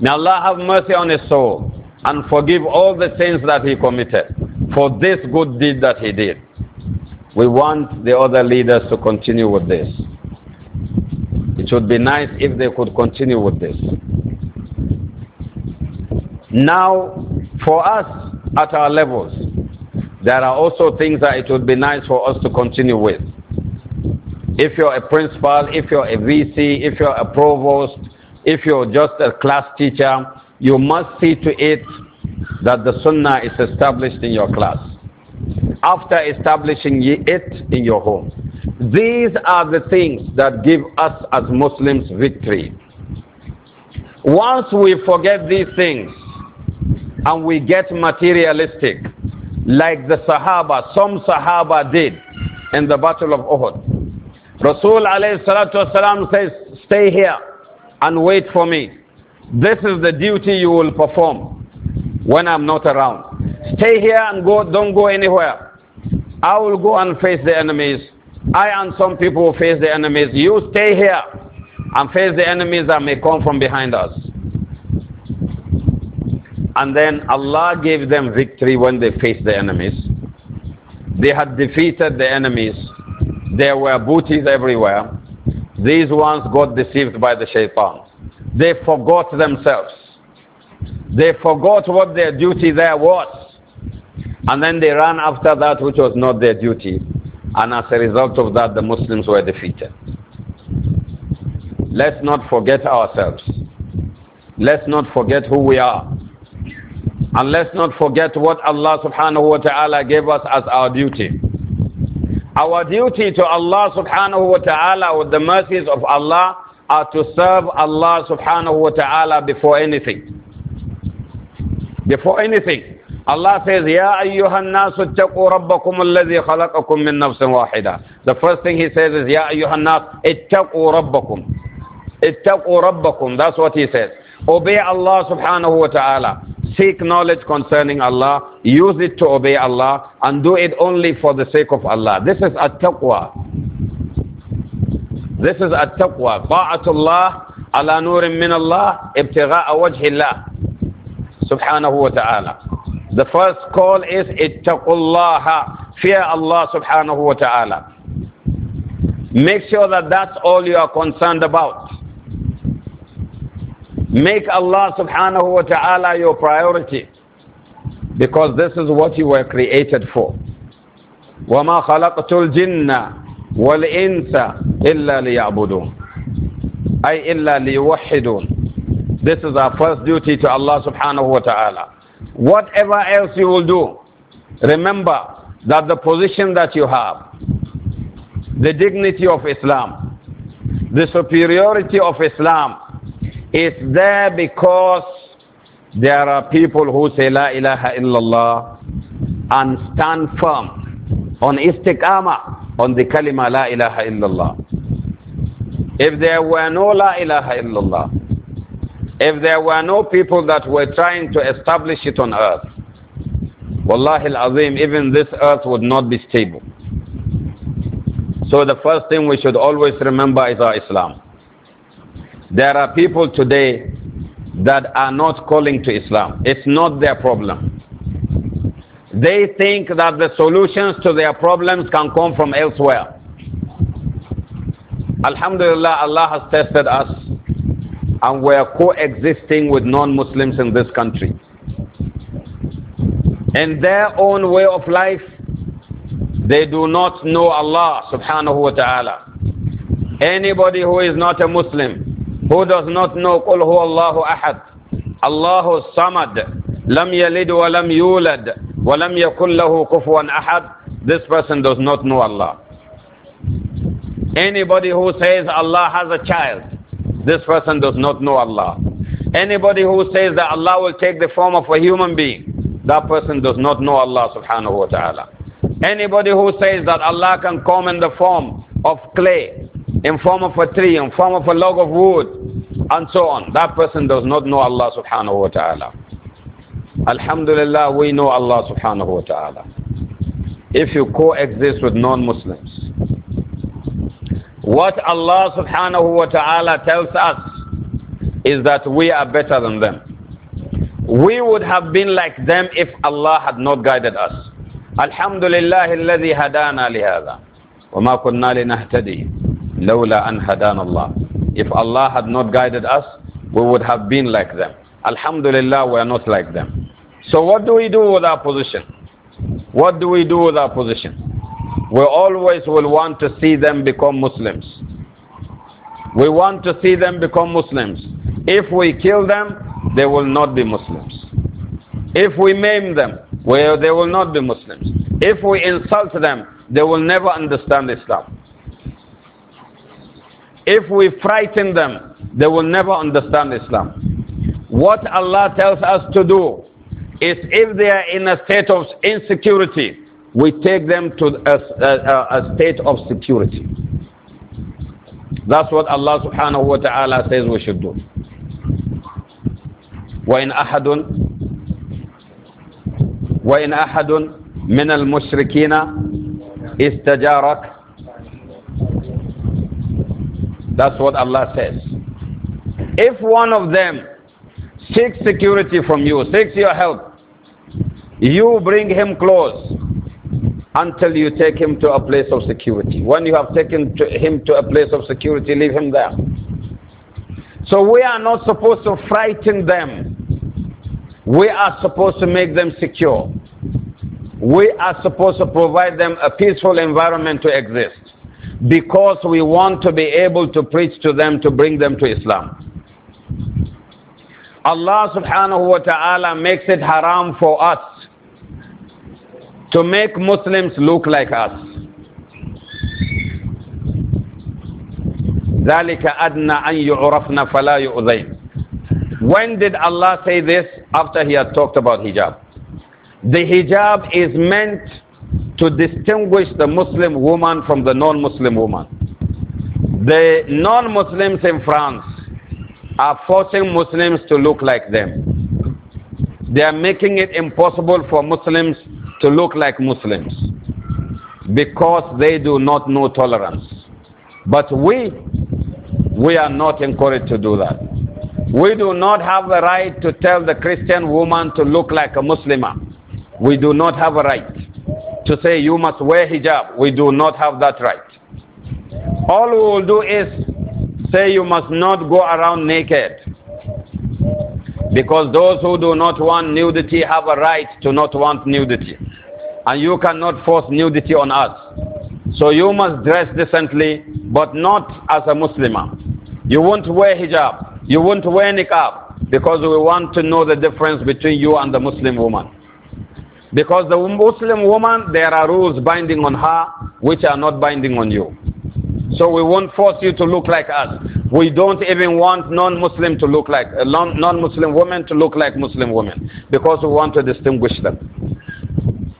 May Allah have mercy on his soul and forgive all the sins that he committed for this good deed that he did. We want the other leaders to continue with this. It would be nice if they could continue with this. Now, for us at our levels, there are also things that it would be nice for us to continue with if you're a principal, if you're a VC, if you're a provost, if you're just a class teacher, you must see to it that the sunnah is established in your class. After establishing it in your home. These are the things that give us as Muslims victory. Once we forget these things and we get materialistic, like the Sahaba, some Sahaba did in the Battle of Uhud, Rasul والسلام, says, Stay here and wait for me. This is the duty you will perform when I'm not around. Stay here and go, don't go anywhere. I will go and face the enemies. I and some people will face the enemies. You stay here and face the enemies that may come from behind us. And then Allah gave them victory when they faced the enemies. They had defeated the enemies there were booties everywhere. These ones got deceived by the shaitan. They forgot themselves. They forgot what their duty there was. And then they ran after that which was not their duty. And as a result of that, the Muslims were defeated. Let's not forget ourselves. Let's not forget who we are. And let's not forget what Allah subhanahu wa ta'ala gave us as our duty. Our duty to Allah subhanahu wa ta'ala with the mercies of Allah are to serve Allah subhanahu wa ta'ala before anything. Before anything. Allah says, Ya ayyuhan nasu ittaqu rabbakum alladhi khalaqakum min nafsin wahida. The first thing he says is, Ya ayyuhan nas ittaqu rabbakum. Ittaqu rabbakum. That's what he says. Obey Allah subhanahu wa ta'ala. Seek knowledge concerning Allah, use it to obey Allah, and do it only for the sake of Allah. This is at-taqwa. This is at-taqwa. Ta'atullah ala nurin min Allah, ibtigha'a Allah, Subhanahu wa ta'ala. The first call is ittaqullaha, fear Allah subhanahu wa ta'ala. Make sure that that's all you are concerned about. Make Allah subhanahu wa ta'ala your priority because this is what you were created for. وَمَا خَلَقْتُ الْجِنَّ وَالْإِنسَ إِلَّا لِيَعْبُدُونَ أي إِلَّا لِيُوحِّدُونَ This is our first duty to Allah subhanahu wa ta'ala. Whatever else you will do, remember that the position that you have, the dignity of Islam, the superiority of Islam, it's there because there are people who say La ilaha illallah and stand firm on istiqama on the kalima La ilaha illallah. If there were no La ilaha illallah, if there were no people that were trying to establish it on earth, wallahi al-azim, even this earth would not be stable. So the first thing we should always remember is our Islam. There are people today that are not calling to Islam. It's not their problem. They think that the solutions to their problems can come from elsewhere. Alhamdulillah, Allah has tested us and we are coexisting with non Muslims in this country. In their own way of life, they do not know Allah subhanahu wa ta'ala. Anybody who is not a Muslim, who does not know قُلْ هُوَ اللَّهُ أَحَدٌ اللَّهُ الصَّمَدُ لَمْ يَلِدْ وَلَمْ يُولَدْ وَلَمْ يَكُنْ لَهُ كُفُوًا أَحَدٌ This person does not know Allah. Anybody who says Allah has a child, this person does not know Allah. Anybody who says that Allah will take the form of a human being, that person does not know Allah subhanahu wa ta'ala. Anybody who says that Allah can come in the form of clay in form of a tree, in form of a log of wood, and so on. That person does not know Allah subhanahu wa ta'ala. Alhamdulillah, we know Allah subhanahu wa ta'ala. If you coexist with non-Muslims, what Allah subhanahu wa ta'ala tells us is that we are better than them. We would have been like them if Allah had not guided us. Alhamdulillah, الذي هدانا لهذا وما كنا لنهتدي لولا أن هدانا Allah. If Allah had not guided us, we would have been like them. Alhamdulillah, we are not like them. So what do we do with our position? What do we do with our position? We always will want to see them become Muslims. We want to see them become Muslims. If we kill them, they will not be Muslims. If we maim them, well, they will not be Muslims. If we insult them, they will never understand Islam. If we frighten them, they will never understand Islam. What Allah tells us to do is if they are in a state of insecurity, we take them to a, a, a state of security. That's what Allah subhanahu wa ta'ala says we should do. وإن أحد وإن أحد من المشركين استجارك that's what Allah says. If one of them seeks security from you, seeks your help, you bring him close until you take him to a place of security. When you have taken to him to a place of security, leave him there. So we are not supposed to frighten them. We are supposed to make them secure. We are supposed to provide them a peaceful environment to exist because we want to be able to preach to them to bring them to Islam. Allah subhanahu wa ta'ala makes it haram for us to make Muslims look like us. when did Allah say this? After he had talked about hijab. The hijab is meant to distinguish the Muslim woman from the non-Muslim woman. The non-Muslims in France are forcing Muslims to look like them. They are making it impossible for Muslims to look like Muslims because they do not know tolerance. But we, we are not encouraged to do that. We do not have the right to tell the Christian woman to look like a Muslimah. We do not have a right to say you must wear hijab. We do not have that right. All we will do is say you must not go around naked. Because those who do not want nudity have a right to not want nudity. And you cannot force nudity on us. So you must dress decently, but not as a Muslimah. You won't wear hijab. You won't wear niqab. Because we want to know the difference between you and the Muslim woman. Because the Muslim woman, there are rules binding on her which are not binding on you. So we won't force you to look like us. We don't even want non-Muslim to look like uh, non-Muslim women to look like Muslim women because we want to distinguish them.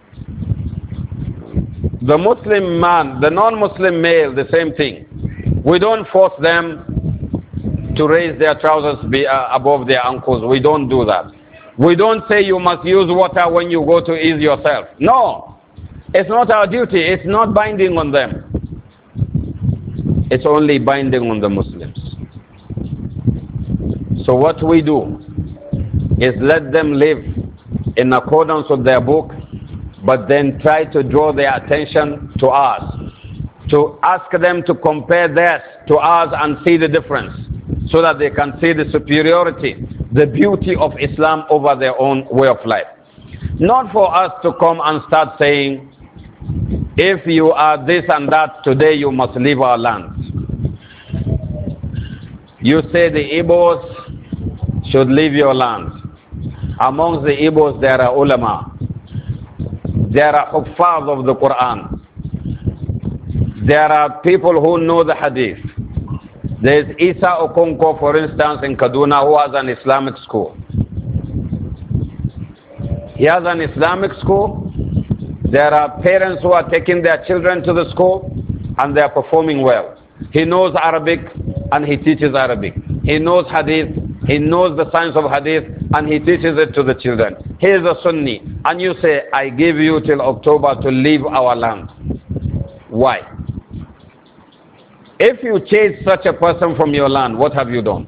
The Muslim man, the non-Muslim male, the same thing. We don't force them to raise their trousers uh, above their ankles. We don't do that. We don't say you must use water when you go to ease yourself. No. It's not our duty. It's not binding on them. It's only binding on the Muslims. So what we do is let them live in accordance with their book, but then try to draw their attention to us, to ask them to compare theirs to ours and see the difference so that they can see the superiority, the beauty of Islam over their own way of life. Not for us to come and start saying, if you are this and that, today you must leave our land. You say the Igbos should leave your land. Amongst the Igbos, there are ulama, there are huffaz of the Quran, there are people who know the hadith. There's Isa Okonko, for instance, in Kaduna, who has an Islamic school. He has an Islamic school. There are parents who are taking their children to the school and they are performing well. He knows Arabic and he teaches Arabic. He knows Hadith. He knows the science of Hadith and he teaches it to the children. He is a Sunni. And you say, I give you till October to leave our land. Why? If you chase such a person from your land, what have you done?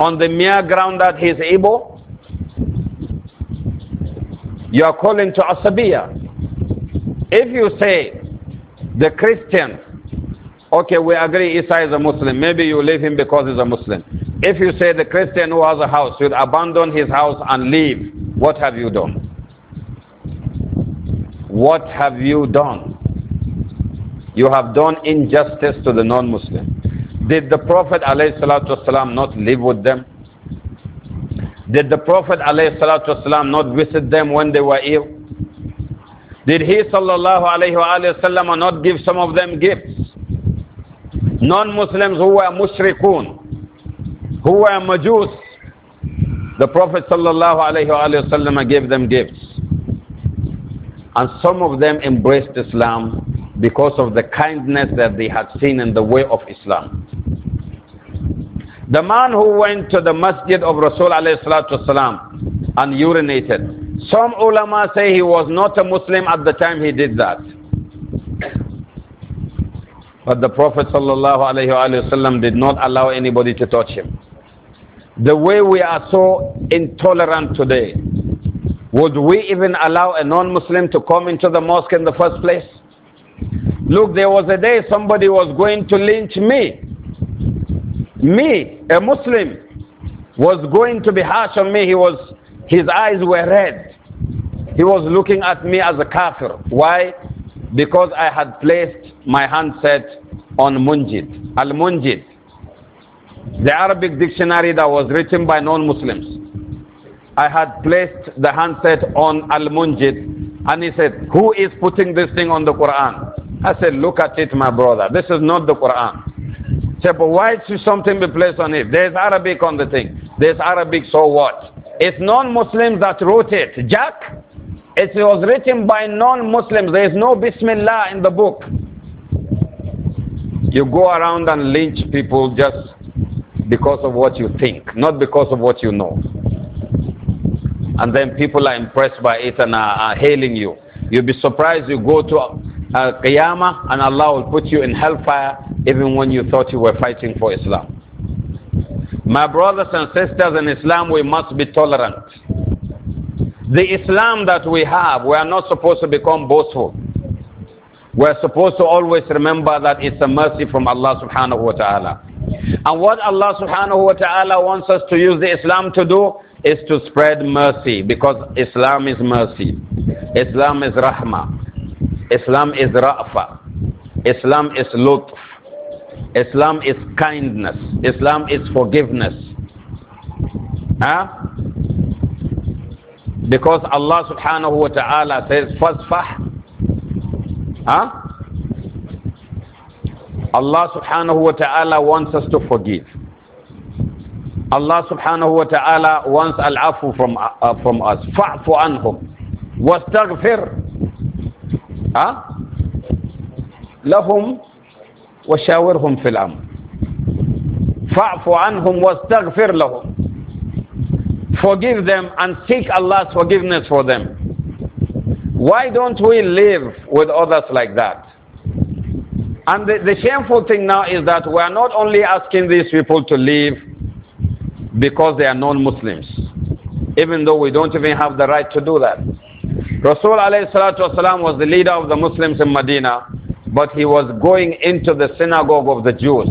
On the mere ground that he is able, you are calling to Asabiya. If you say the Christian, okay, we agree Isa is a Muslim, maybe you leave him because he's a Muslim. If you say the Christian who has a house should abandon his house and leave, what have you done? What have you done? you have done injustice to the non-Muslim. Did the Prophet ﷺ not live with them? Did the Prophet ﷺ not visit them when they were ill? Did he وسلم, not give some of them gifts? Non-Muslims who were mushrikun, who were majus, the Prophet ﷺ gave them gifts. And some of them embraced Islam because of the kindness that they had seen in the way of Islam. The man who went to the masjid of Rasul والسلام, and urinated, some ulama say he was not a Muslim at the time he did that. But the Prophet وسلم, did not allow anybody to touch him. The way we are so intolerant today, would we even allow a non Muslim to come into the mosque in the first place? Look, there was a day somebody was going to lynch me. Me, a Muslim, was going to be harsh on me. He was, his eyes were red. He was looking at me as a kafir. Why? Because I had placed my handset on Munjid, Al Munjid, the Arabic dictionary that was written by non Muslims. I had placed the handset on Al Munjid and he said, Who is putting this thing on the Quran? I said, Look at it, my brother. This is not the Quran. He said, But why should something be placed on it? There's Arabic on the thing. There's Arabic, so what? It's non Muslims that wrote it. Jack, it was written by non Muslims. There is no Bismillah in the book. You go around and lynch people just because of what you think, not because of what you know. And then people are impressed by it and are, are hailing you. You'll be surprised you go to uh, Qiyamah and Allah will put you in hellfire even when you thought you were fighting for Islam. My brothers and sisters in Islam, we must be tolerant. The Islam that we have, we are not supposed to become boastful. We're supposed to always remember that it's a mercy from Allah subhanahu wa ta'ala. And what Allah subhanahu wa ta'ala wants us to use the Islam to do is to spread mercy because Islam is mercy. Islam is rahmah. Islam is ra'fa. Islam is lutf. Islam is kindness. Islam is forgiveness. Huh? Because Allah subhanahu wa ta'ala says, Fasfah. Huh? Allah subhanahu wa ta'ala wants us to forgive. Allah subhanahu wa ta'ala wants al-afu from, uh, from us. Fa'fu anhum. Wastaghfir. Huh? لهم وشاورهم في الأمر فاعف عنهم واستغفر لهم forgive them and seek Allah's forgiveness for them why don't we live with others like that and the, the shameful thing now is that we are not only asking these people to leave because they are non-Muslims even though we don't even have the right to do that Rasul والسلام, was the leader of the Muslims in Medina, but he was going into the synagogue of the Jews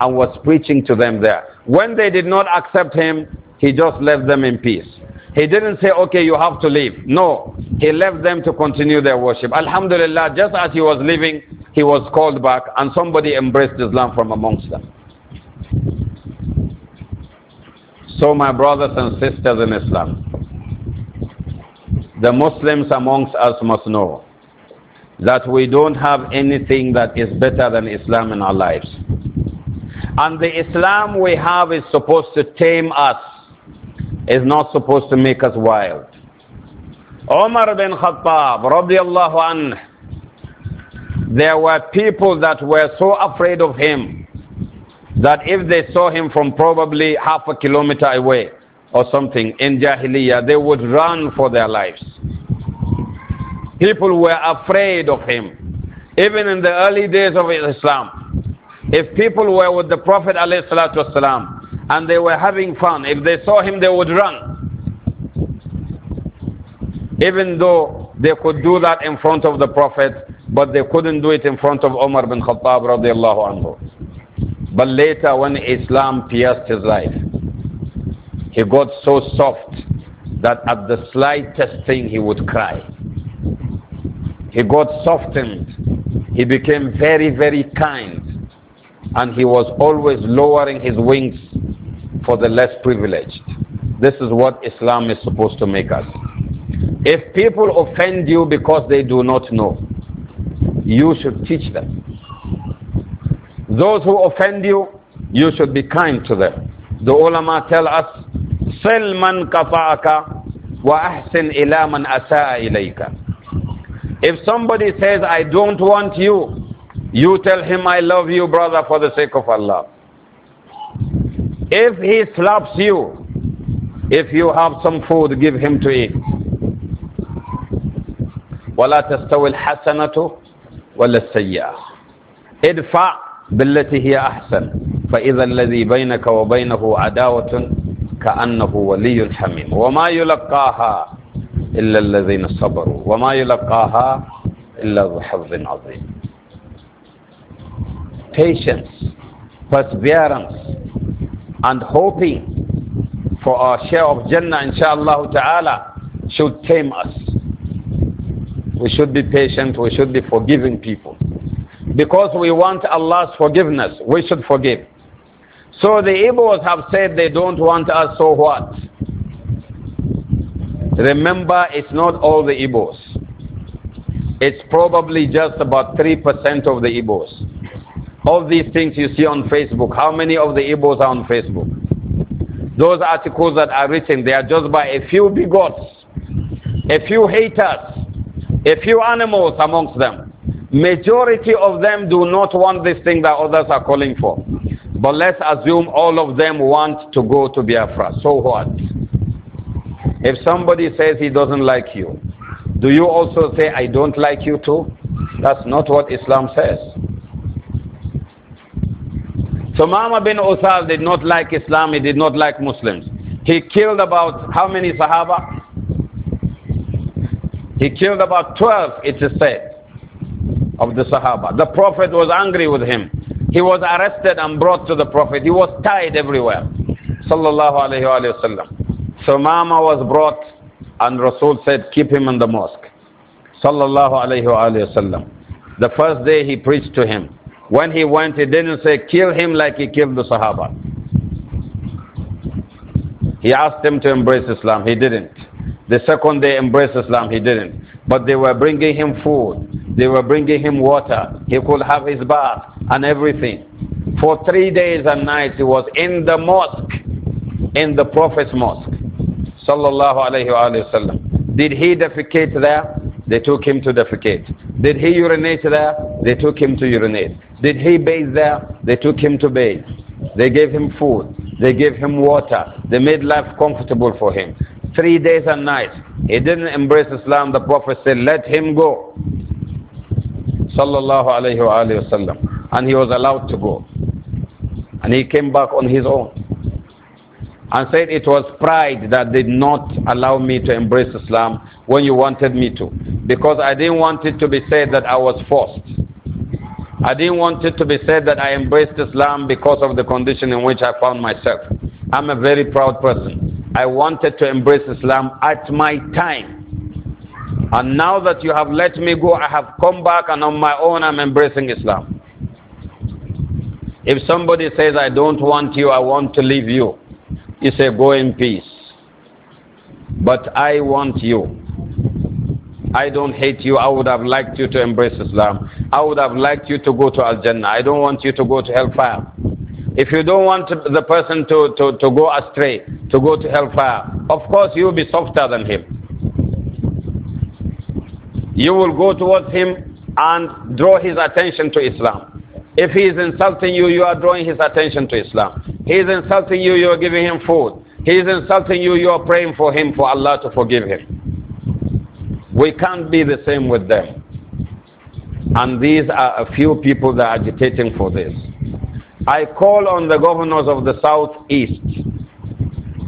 and was preaching to them there. When they did not accept him, he just left them in peace. He didn't say, okay, you have to leave. No, he left them to continue their worship. Alhamdulillah, just as he was leaving, he was called back and somebody embraced Islam from amongst them. So, my brothers and sisters in Islam, the Muslims amongst us must know that we don't have anything that is better than Islam in our lives. And the Islam we have is supposed to tame us, is not supposed to make us wild. Omar bin Khattab, radiallahu anhu, there were people that were so afraid of him that if they saw him from probably half a kilometer away, or something in Jahiliyyah, they would run for their lives. People were afraid of him. Even in the early days of Islam, if people were with the Prophet والسلام, and they were having fun, if they saw him, they would run. Even though they could do that in front of the Prophet, but they couldn't do it in front of Umar bin Khattab But later when Islam pierced his life, he got so soft that at the slightest thing he would cry. He got softened. He became very, very kind. And he was always lowering his wings for the less privileged. This is what Islam is supposed to make us. If people offend you because they do not know, you should teach them. Those who offend you, you should be kind to them. The ulama tell us صل من كفاك واحسن الى من اساء اليك If somebody says, I don't want you, you tell him, I love you, brother, for the sake of Allah. If he slaps you, if you have some food, give him to eat. ولا تستوي الحسنة ولا السيئة ادفع بالتي هي أحسن فإذا الذي بينك وبينه عداوة كأنه ولي حميم وما يلقاها إلا الذين صبروا وما يلقاها إلا ذو حظ عظيم patience perseverance and hoping for our share of Jannah inshallah ta'ala should tame us we should be patient we should be forgiving people because we want Allah's forgiveness we should forgive So the Igbos have said they don't want us, so what? Remember, it's not all the Igbos. It's probably just about 3% of the Igbos. All these things you see on Facebook, how many of the Igbos are on Facebook? Those articles that are written, they are just by a few bigots, a few haters, a few animals amongst them. Majority of them do not want this thing that others are calling for. But let's assume all of them want to go to Biafra. So what? If somebody says he doesn't like you, do you also say, I don't like you too? That's not what Islam says. So Mama bin Usal did not like Islam, he did not like Muslims. He killed about how many Sahaba? He killed about 12, it is said, of the Sahaba. The Prophet was angry with him. He was arrested and brought to the Prophet. He was tied everywhere. Sallallahu alayhi wa sallam. So Mama was brought and Rasul said, keep him in the mosque. Sallallahu alayhi wa sallam. The first day he preached to him. When he went, he didn't say, kill him like he killed the Sahaba. He asked them to embrace Islam. He didn't. The second day, embrace Islam. He didn't. But they were bringing him food. They were bringing him water. He could have his bath and everything. For three days and nights he was in the mosque, in the Prophet's mosque. Sallallahu alayhi wa sallam. Did he defecate there? They took him to defecate. Did he urinate there? They took him to urinate. Did he bathe there? They took him to bathe. They gave him food. They gave him water. They made life comfortable for him. Three days and nights. He didn't embrace Islam. The Prophet said, let him go. Sallallahu alayhi wa sallam and he was allowed to go. And he came back on his own and said it was pride that did not allow me to embrace Islam when you wanted me to. Because I didn't want it to be said that I was forced. I didn't want it to be said that I embraced Islam because of the condition in which I found myself. I'm a very proud person. I wanted to embrace Islam at my time. And now that you have let me go, I have come back and on my own I'm embracing Islam. If somebody says, I don't want you, I want to leave you, you say, Go in peace. But I want you. I don't hate you. I would have liked you to embrace Islam. I would have liked you to go to Al Jannah. I don't want you to go to hellfire. If you don't want the person to, to, to go astray, to go to hellfire, of course you will be softer than him. You will go towards him and draw his attention to Islam. If he is insulting you, you are drawing his attention to Islam. He is insulting you, you are giving him food. He is insulting you, you are praying for him for Allah to forgive him. We can't be the same with them. And these are a few people that are agitating for this. I call on the governors of the southeast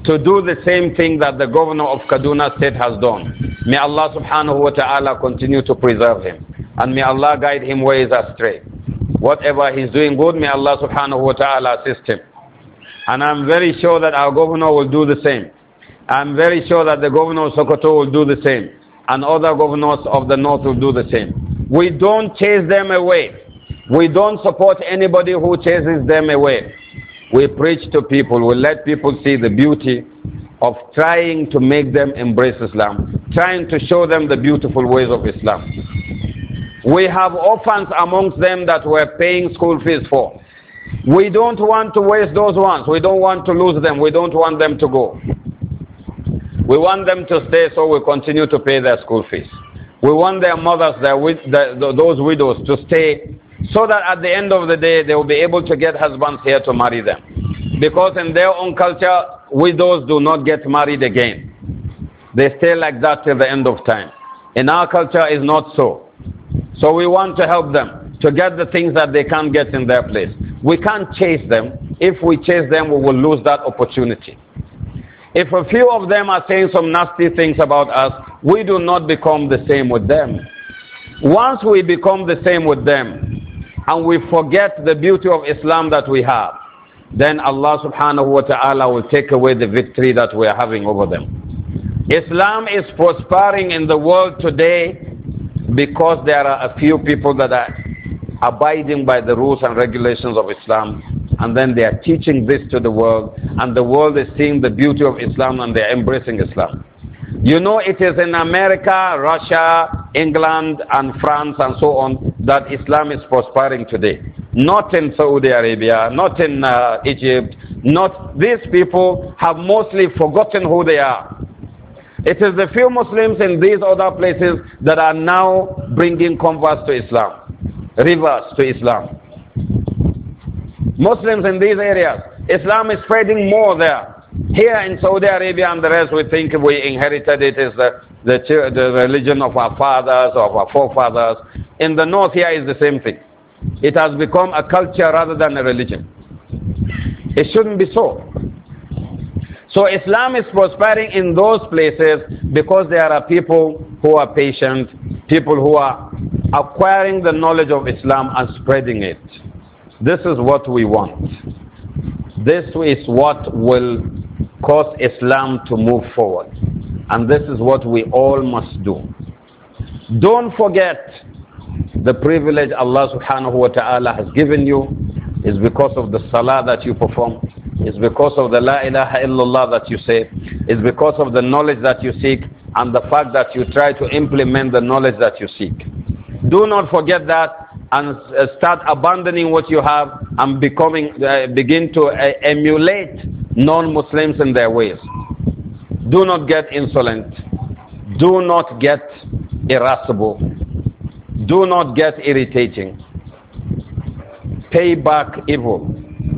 to do the same thing that the governor of Kaduna State has done. May Allah subhanahu wa ta'ala continue to preserve him. And may Allah guide him where he is astray. Whatever he's doing good, may Allah subhanahu wa ta'ala assist him. And I'm very sure that our governor will do the same. I'm very sure that the governor of Sokoto will do the same. And other governors of the north will do the same. We don't chase them away. We don't support anybody who chases them away. We preach to people. We let people see the beauty of trying to make them embrace Islam, trying to show them the beautiful ways of Islam. We have orphans amongst them that we're paying school fees for. We don't want to waste those ones. We don't want to lose them. We don't want them to go. We want them to stay, so we continue to pay their school fees. We want their mothers, their, their, those widows, to stay so that at the end of the day they will be able to get husbands here to marry them. Because in their own culture, widows do not get married again. They stay like that till the end of time. In our culture, it's not so. So we want to help them to get the things that they can't get in their place. We can't chase them. If we chase them, we will lose that opportunity. If a few of them are saying some nasty things about us, we do not become the same with them. Once we become the same with them and we forget the beauty of Islam that we have, then Allah subhanahu wa ta'ala will take away the victory that we are having over them. Islam is prospering in the world today because there are a few people that are abiding by the rules and regulations of Islam, and then they are teaching this to the world, and the world is seeing the beauty of Islam and they're embracing Islam. You know, it is in America, Russia, England, and France, and so on, that Islam is prospering today. Not in Saudi Arabia, not in uh, Egypt, not these people have mostly forgotten who they are. It is the few Muslims in these other places that are now bringing converts to Islam, rivers to Islam. Muslims in these areas, Islam is spreading more there. Here in Saudi Arabia and the rest, we think we inherited it as the, the, the religion of our fathers, of our forefathers. In the north here is the same thing. It has become a culture rather than a religion. It shouldn't be so. So Islam is prospering in those places because there are people who are patient, people who are acquiring the knowledge of Islam and spreading it. This is what we want. This is what will cause Islam to move forward. And this is what we all must do. Don't forget the privilege Allah subhanahu wa ta'ala has given you is because of the salah that you perform it's because of the La ilaha illallah that you say. It's because of the knowledge that you seek and the fact that you try to implement the knowledge that you seek. Do not forget that and uh, start abandoning what you have and becoming, uh, begin to uh, emulate non Muslims in their ways. Do not get insolent. Do not get irascible. Do not get irritating. Pay back evil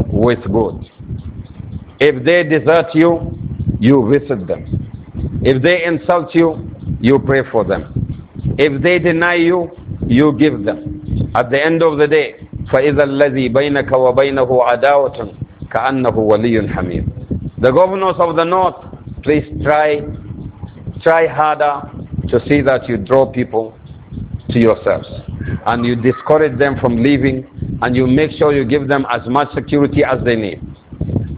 with good. If they desert you, you visit them. If they insult you, you pray for them. If they deny you, you give them. At the end of the day, فَإِذَا الَّذِي بَيْنَكَ وَبَيْنَهُ عَدَاوَةٌ كَأَنَّهُ وَلِيٌّ حَمِيمٌ The governors of the north, please try, try harder to see that you draw people to yourselves and you discourage them from leaving and you make sure you give them as much security as they need.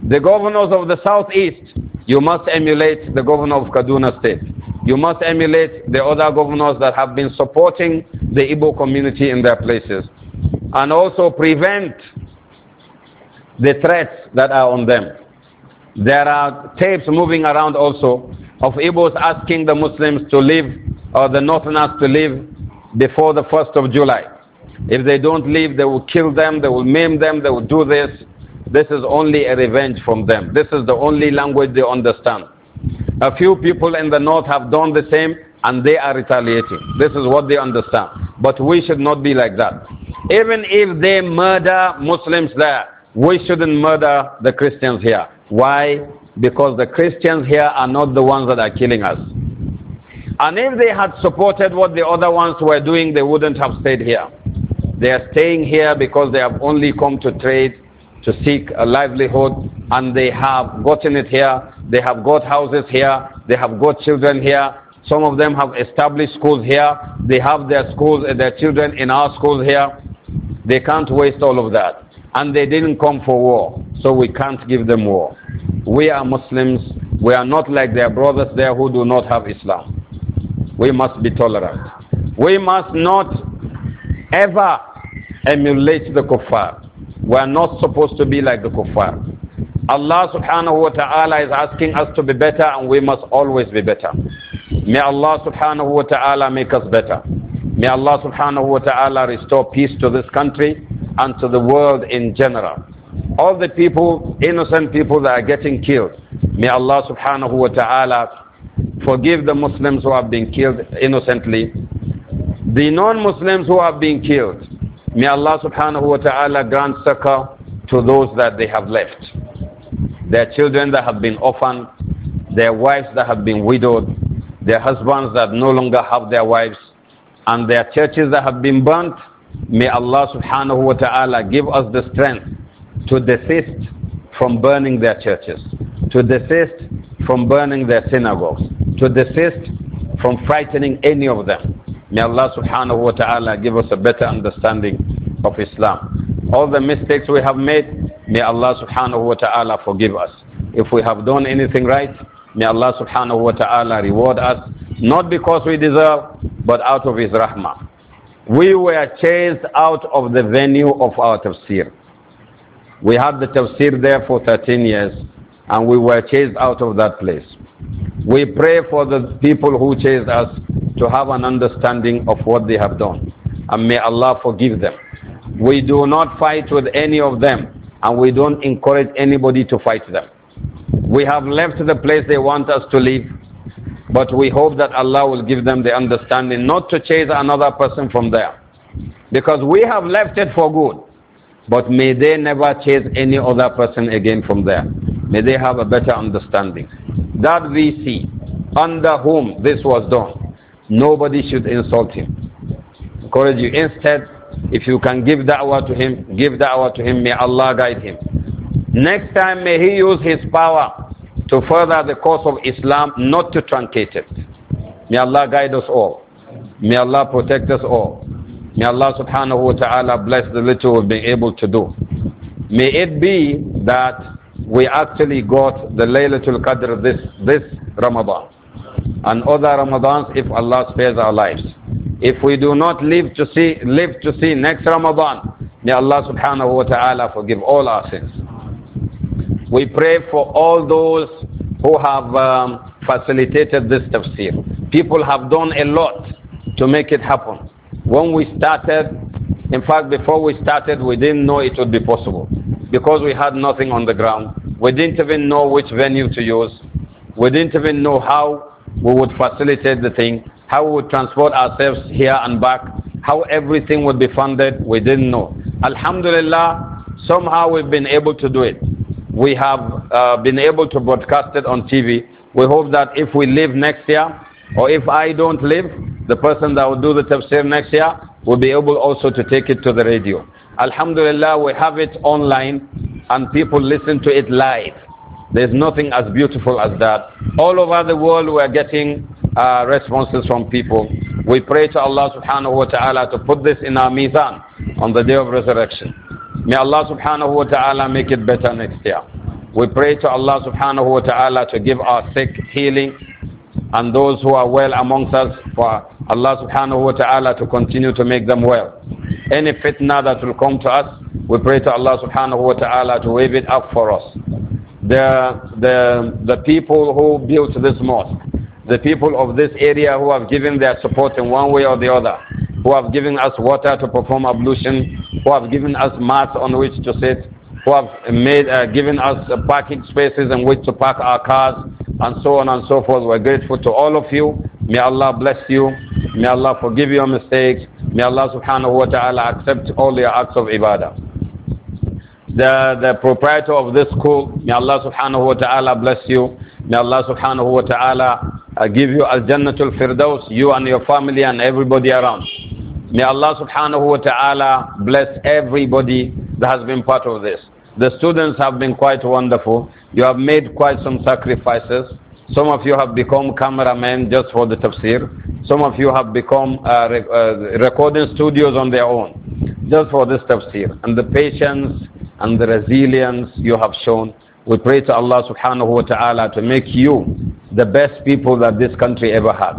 The governors of the southeast, you must emulate the governor of Kaduna State. You must emulate the other governors that have been supporting the Igbo community in their places. And also prevent the threats that are on them. There are tapes moving around also of Igbos asking the Muslims to leave or the Northerners to leave before the 1st of July. If they don't leave, they will kill them, they will maim them, they will do this. This is only a revenge from them. This is the only language they understand. A few people in the north have done the same and they are retaliating. This is what they understand. But we should not be like that. Even if they murder Muslims there, we shouldn't murder the Christians here. Why? Because the Christians here are not the ones that are killing us. And if they had supported what the other ones were doing, they wouldn't have stayed here. They are staying here because they have only come to trade to seek a livelihood and they have gotten it here, they have got houses here, they have got children here, some of them have established schools here, they have their schools, uh, their children in our schools here. They can't waste all of that. And they didn't come for war, so we can't give them war. We are Muslims, we are not like their brothers there who do not have Islam. We must be tolerant. We must not ever emulate the kuffar. We are not supposed to be like the kuffar. Allah subhanahu wa ta'ala is asking us to be better and we must always be better. May Allah subhanahu wa ta'ala make us better. May Allah subhanahu wa ta'ala restore peace to this country and to the world in general. All the people, innocent people that are getting killed, may Allah subhanahu wa ta'ala forgive the Muslims who have been killed innocently. The non-Muslims who have been killed, May Allah subhanahu wa ta'ala grant succor to those that they have left. Their children that have been orphaned, their wives that have been widowed, their husbands that no longer have their wives, and their churches that have been burnt. May Allah subhanahu wa ta'ala give us the strength to desist from burning their churches, to desist from burning their synagogues, to desist from frightening any of them. May Allah subhanahu wa ta'ala give us a better understanding of Islam. All the mistakes we have made, may Allah subhanahu wa ta'ala forgive us. If we have done anything right, may Allah subhanahu wa ta'ala reward us, not because we deserve, but out of His rahmah. We were chased out of the venue of our tafsir. We had the tafsir there for 13 years, and we were chased out of that place. We pray for the people who chased us to have an understanding of what they have done. And may Allah forgive them. We do not fight with any of them, and we don't encourage anybody to fight them. We have left the place they want us to leave, but we hope that Allah will give them the understanding not to chase another person from there. Because we have left it for good, but may they never chase any other person again from there. May they have a better understanding. That we see, under whom this was done, nobody should insult him. Encourage you. Instead, if you can give da'wah to him, give da'wah to him. May Allah guide him. Next time, may he use his power to further the cause of Islam, not to truncate it. May Allah guide us all. May Allah protect us all. May Allah subhanahu wa ta'ala bless the little we've been able to do. May it be that we actually got the Laylatul Qadr this, this Ramadan. And other Ramadans if Allah spares our lives. If we do not live to see, live to see next Ramadan, may Allah subhanahu wa ta'ala forgive all our sins. We pray for all those who have um, facilitated this tafsir. People have done a lot to make it happen. When we started, in fact, before we started, we didn't know it would be possible because we had nothing on the ground. We didn't even know which venue to use. We didn't even know how we would facilitate the thing, how we would transport ourselves here and back, how everything would be funded. We didn't know. Alhamdulillah, somehow we've been able to do it. We have uh, been able to broadcast it on TV. We hope that if we live next year, or if I don't live, the person that will do the tafsir next year will be able also to take it to the radio. Alhamdulillah, we have it online and people listen to it live. There's nothing as beautiful as that. All over the world, we are getting uh, responses from people. We pray to Allah subhanahu wa ta'ala to put this in our mizan on the day of resurrection. May Allah subhanahu wa ta'ala make it better next year. We pray to Allah subhanahu wa ta'ala to give our sick healing and those who are well amongst us for Allah subhanahu wa ta'ala to continue to make them well. Any fitna that will come to us, we pray to Allah subhanahu wa ta'ala to wave it up for us. The, the, the people who built this mosque, the people of this area who have given their support in one way or the other, who have given us water to perform ablution, who have given us mats on which to sit, who have made, uh, given us uh, parking spaces in which to park our cars, and so on and so forth. We're grateful to all of you. May Allah bless you. May Allah forgive your mistakes. May Allah subhanahu wa ta'ala accept all your acts of ibadah. The, the proprietor of this school, may Allah subhanahu wa ta'ala bless you. May Allah subhanahu wa ta'ala uh, give you Al Jannatul Firdaus, you and your family and everybody around. May Allah subhanahu wa ta'ala bless everybody that has been part of this. The students have been quite wonderful. You have made quite some sacrifices. Some of you have become cameramen just for the tafsir. Some of you have become uh, uh, recording studios on their own just for this tafsir. And the patience and the resilience you have shown. We pray to Allah subhanahu wa ta'ala to make you the best people that this country ever had.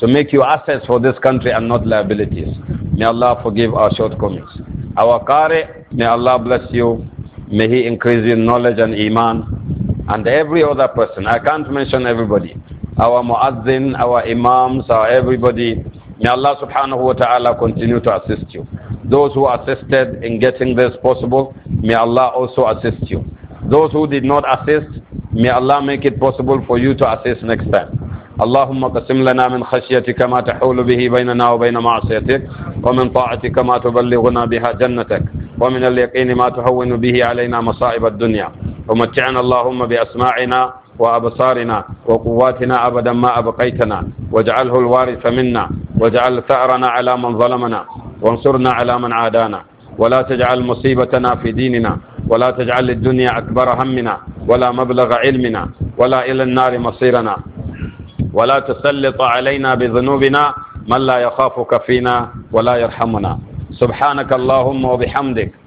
To make you assets for this country and not liabilities. May Allah forgive our shortcomings. Our Qari, may Allah bless you. May He increase in knowledge and Iman and every other person. I can't mention everybody. Our muazzin, our imams, our everybody. May Allah subhanahu wa ta'ala continue to assist you. Those who assisted in getting this possible, may Allah also assist you. Those who did not assist, may Allah make it possible for you to assist next time. اللهم قسم لنا من خشيتك ما تحول به بيننا وبين معصيتك ومن طاعتك ما تبلغنا بها جنتك ومن اليقين ما تهون به علينا مصائب الدنيا ومتعنا اللهم بأسماعنا وأبصارنا وقواتنا أبدا ما أبقيتنا واجعله الوارث منا واجعل ثأرنا على من ظلمنا وانصرنا على من عادانا ولا تجعل مصيبتنا في ديننا ولا تجعل الدنيا أكبر همنا ولا مبلغ علمنا ولا إلى النار مصيرنا ولا تسلط علينا بذنوبنا من لا يخافك فينا ولا يرحمنا سبحانك اللهم وبحمدك